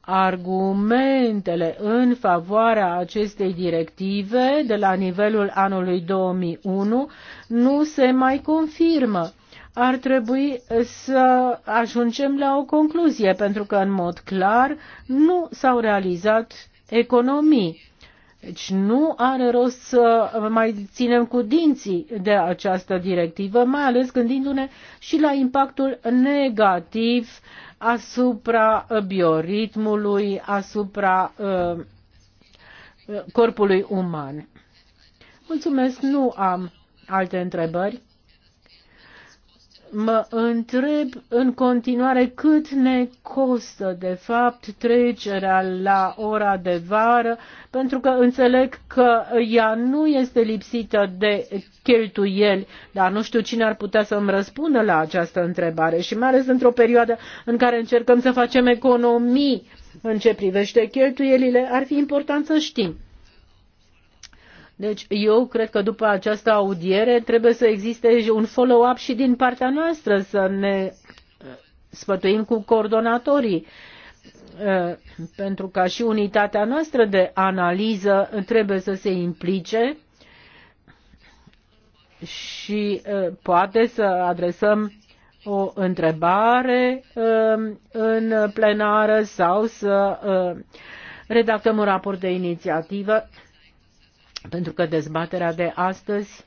Argumentele în favoarea acestei directive de la nivelul anului 2001 nu se mai confirmă ar trebui să ajungem la o concluzie, pentru că, în mod clar, nu s-au realizat economii. Deci nu are rost să mai ținem cu dinții de această directivă, mai ales gândindu-ne și la impactul negativ asupra uh, bioritmului, asupra uh, uh, corpului uman. Mulțumesc, nu am alte întrebări mă întreb în continuare cât ne costă, de fapt, trecerea la ora de vară, pentru că înțeleg că ea nu este lipsită de cheltuieli, dar nu știu cine ar putea să îmi răspundă la această întrebare și mai ales într-o perioadă în care încercăm să facem economii în ce privește cheltuielile, ar fi important să știm. Deci eu cred că după această audiere trebuie să existe un follow-up și din partea noastră să ne uh, sfătuim cu coordonatorii uh, pentru ca și unitatea noastră de analiză trebuie să se implice și uh, poate să adresăm o întrebare în plenară sau să redactăm un raport de inițiativă pentru că dezbaterea de astăzi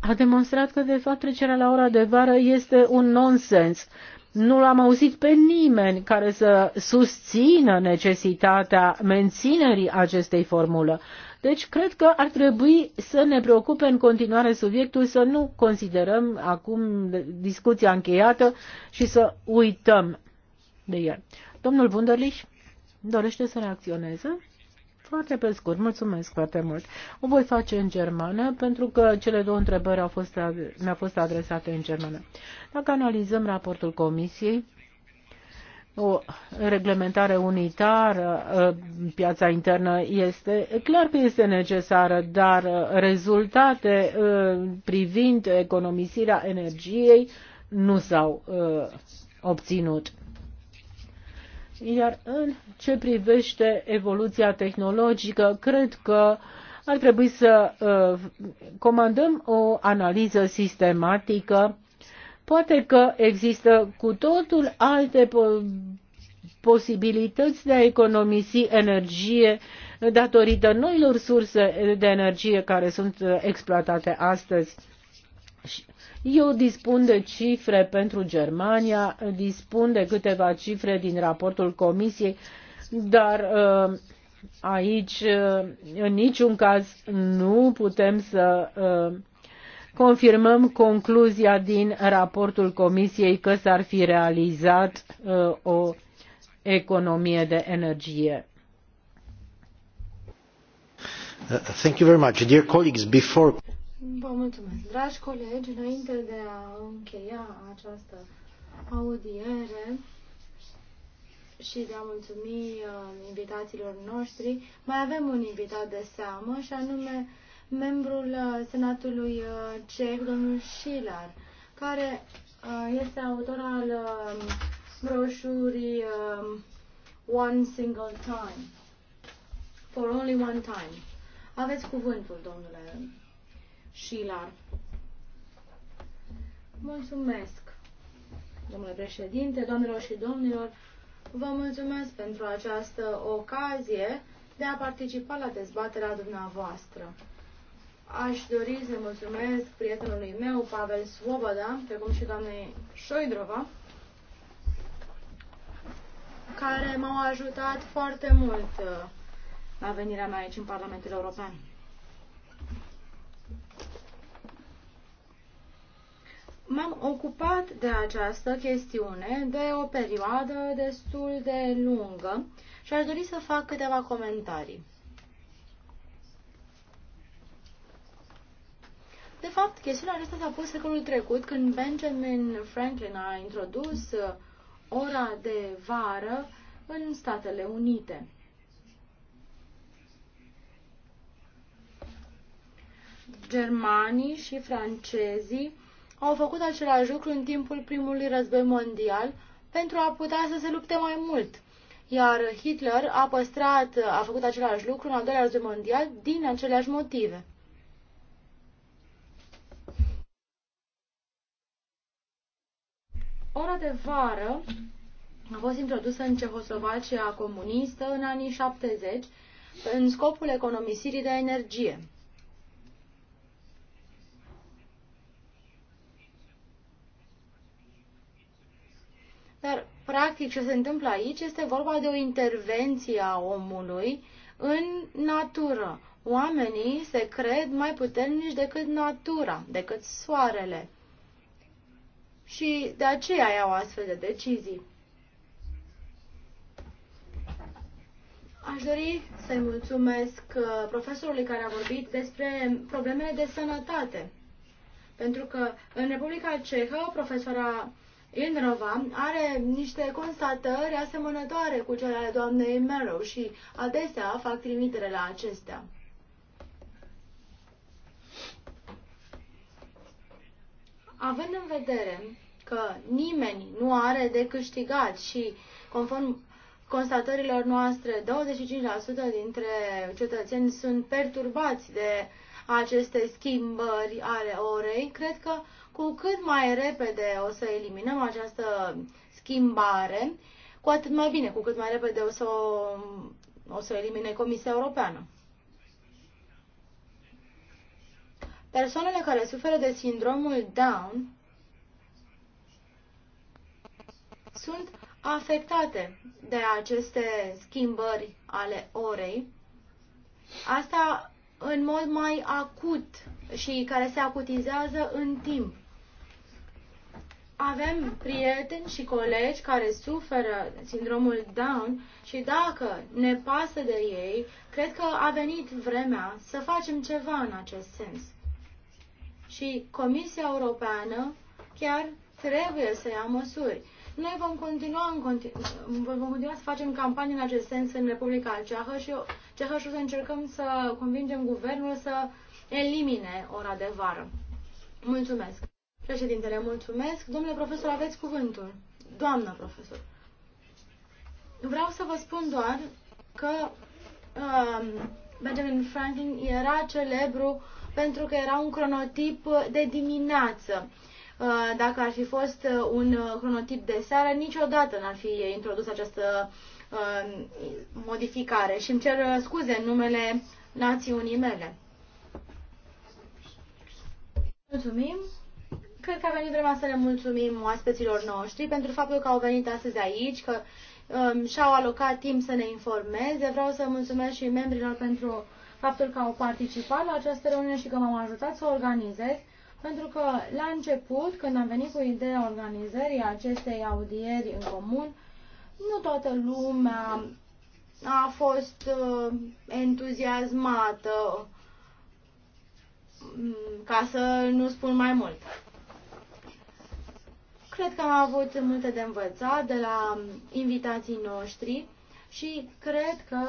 a demonstrat că, de fapt, trecerea la ora de vară este un nonsens. Nu l-am auzit pe nimeni care să susțină necesitatea menținerii acestei formule. Deci, cred că ar trebui să ne preocupe în continuare subiectul, să nu considerăm acum discuția încheiată și să uităm de el. Domnul Wunderlich dorește să reacționeze? Foarte pe scurt, mulțumesc foarte mult. O voi face în germană, pentru că cele două întrebări au fost, mi-au fost adresate în germană. Dacă analizăm raportul Comisiei, o reglementare unitară ă, piața internă este clar că este necesară, dar rezultate ă, privind economisirea energiei nu s-au ă, obținut. Iar în ce privește evoluția tehnologică, cred că ar trebui să uh, comandăm o analiză sistematică. Poate că există cu totul alte po- posibilități de a economisi energie datorită noilor surse de energie care sunt uh, exploatate astăzi eu dispun de cifre pentru Germania, dispun de câteva cifre din raportul Comisiei, dar uh, aici uh, în niciun caz nu putem să uh, confirmăm concluzia din raportul Comisiei că s-ar fi realizat o economie de energie. Thank you very much. Dear colleagues, before... Vă mulțumesc. Dragi colegi, înainte de a încheia această audiere și de a mulțumi uh, invitațiilor noștri, mai avem un invitat de seamă și anume membrul uh, Senatului uh, Ceh, domnul Schiller, care este autor al um, broșurii um, One Single Time, For Only One Time. Aveți cuvântul, domnule Șilar. Mulțumesc, domnule președinte, domnilor și domnilor. Vă mulțumesc pentru această ocazie de a participa la dezbaterea dumneavoastră. Aș dori să mulțumesc prietenului meu, Pavel Svoboda, precum și doamnei Șoidrova, care m-au ajutat foarte mult la venirea mea aici în Parlamentul European. M-am ocupat de această chestiune de o perioadă destul de lungă și aș dori să fac câteva comentarii. De fapt, chestiunea aceasta s-a pus secolul trecut când Benjamin Franklin a introdus uh, ora de vară în Statele Unite. Germanii și francezii au făcut același lucru în timpul primului război mondial pentru a putea să se lupte mai mult. Iar Hitler a păstrat, a făcut același lucru în al doilea război mondial din aceleași motive. Ora de vară a fost introdusă în Cehoslovacia comunistă în anii 70 în scopul economisirii de energie. Dar, practic, ce se întâmplă aici este vorba de o intervenție a omului în natură. Oamenii se cred mai puternici decât natura, decât soarele. Și de aceea iau astfel de decizii. Aș dori să-i mulțumesc uh, profesorului care a vorbit despre problemele de sănătate. Pentru că în Republica Cehă, profesora Inrova are niște constatări asemănătoare cu cele ale doamnei Merrow și adesea fac trimitere la acestea. Având în vedere că nimeni nu are de câștigat și, conform constatărilor noastre, 25% dintre cetățeni sunt perturbați de aceste schimbări ale orei, cred că cu cât mai repede o să eliminăm această schimbare, cu atât mai bine, cu cât mai repede o să o, o să elimine Comisia Europeană. Persoanele care suferă de sindromul Down sunt afectate de aceste schimbări ale orei. Asta în mod mai acut și care se acutizează în timp avem prieteni și colegi care suferă sindromul Down și dacă ne pasă de ei, cred că a venit vremea să facem ceva în acest sens. Și Comisia Europeană chiar trebuie să ia măsuri. Noi vom continua, în continu- vom continua să facem campanii în acest sens în Republica Ceahă și, Ceahă și o să încercăm să convingem guvernul să elimine ora de vară. Mulțumesc! Președintele, mulțumesc. Domnule profesor, aveți cuvântul. Doamna profesor. Vreau să vă spun doar că um, Benjamin Franklin era celebru pentru că era un cronotip de dimineață. Uh, dacă ar fi fost un cronotip de seară, niciodată n-ar fi introdus această um, modificare și îmi cer scuze în numele națiunii mele. Mulțumim! Cred că a venit vremea să ne mulțumim oaspeților noștri pentru faptul că au venit astăzi aici, că um, și-au alocat timp să ne informeze. Vreau să mulțumesc și membrilor pentru faptul că au participat la această reuniune și că m-au ajutat să o organizez, pentru că la început, când am venit cu ideea organizării acestei audieri în comun, nu toată lumea a fost uh, entuziasmată, mm, ca să nu spun mai mult. Cred că am avut multe de învățat de la invitații noștri și cred că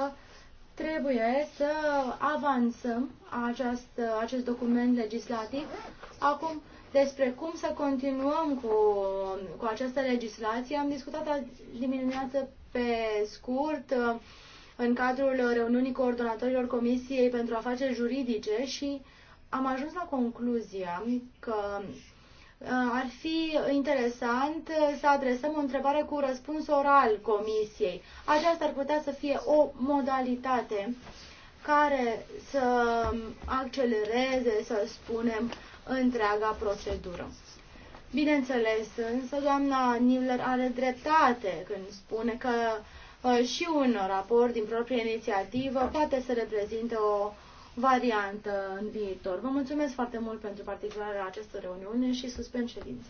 trebuie să avansăm acest, acest document legislativ acum despre cum să continuăm cu, cu această legislație. Am discutat dimineață pe scurt uh, în cadrul reuniunii coordonatorilor Comisiei pentru Afaceri Juridice și am ajuns la concluzia că Uh, ar fi interesant să adresăm o întrebare cu răspuns oral Comisiei. Aceasta ar putea să fie o modalitate care să accelereze, să spunem, întreaga procedură. Bineînțeles, însă doamna Niller are dreptate când spune că uh, și un raport din proprie inițiativă poate să reprezinte o variantă în viitor. Vă mulțumesc foarte mult pentru participarea la această reuniune și suspend ședința.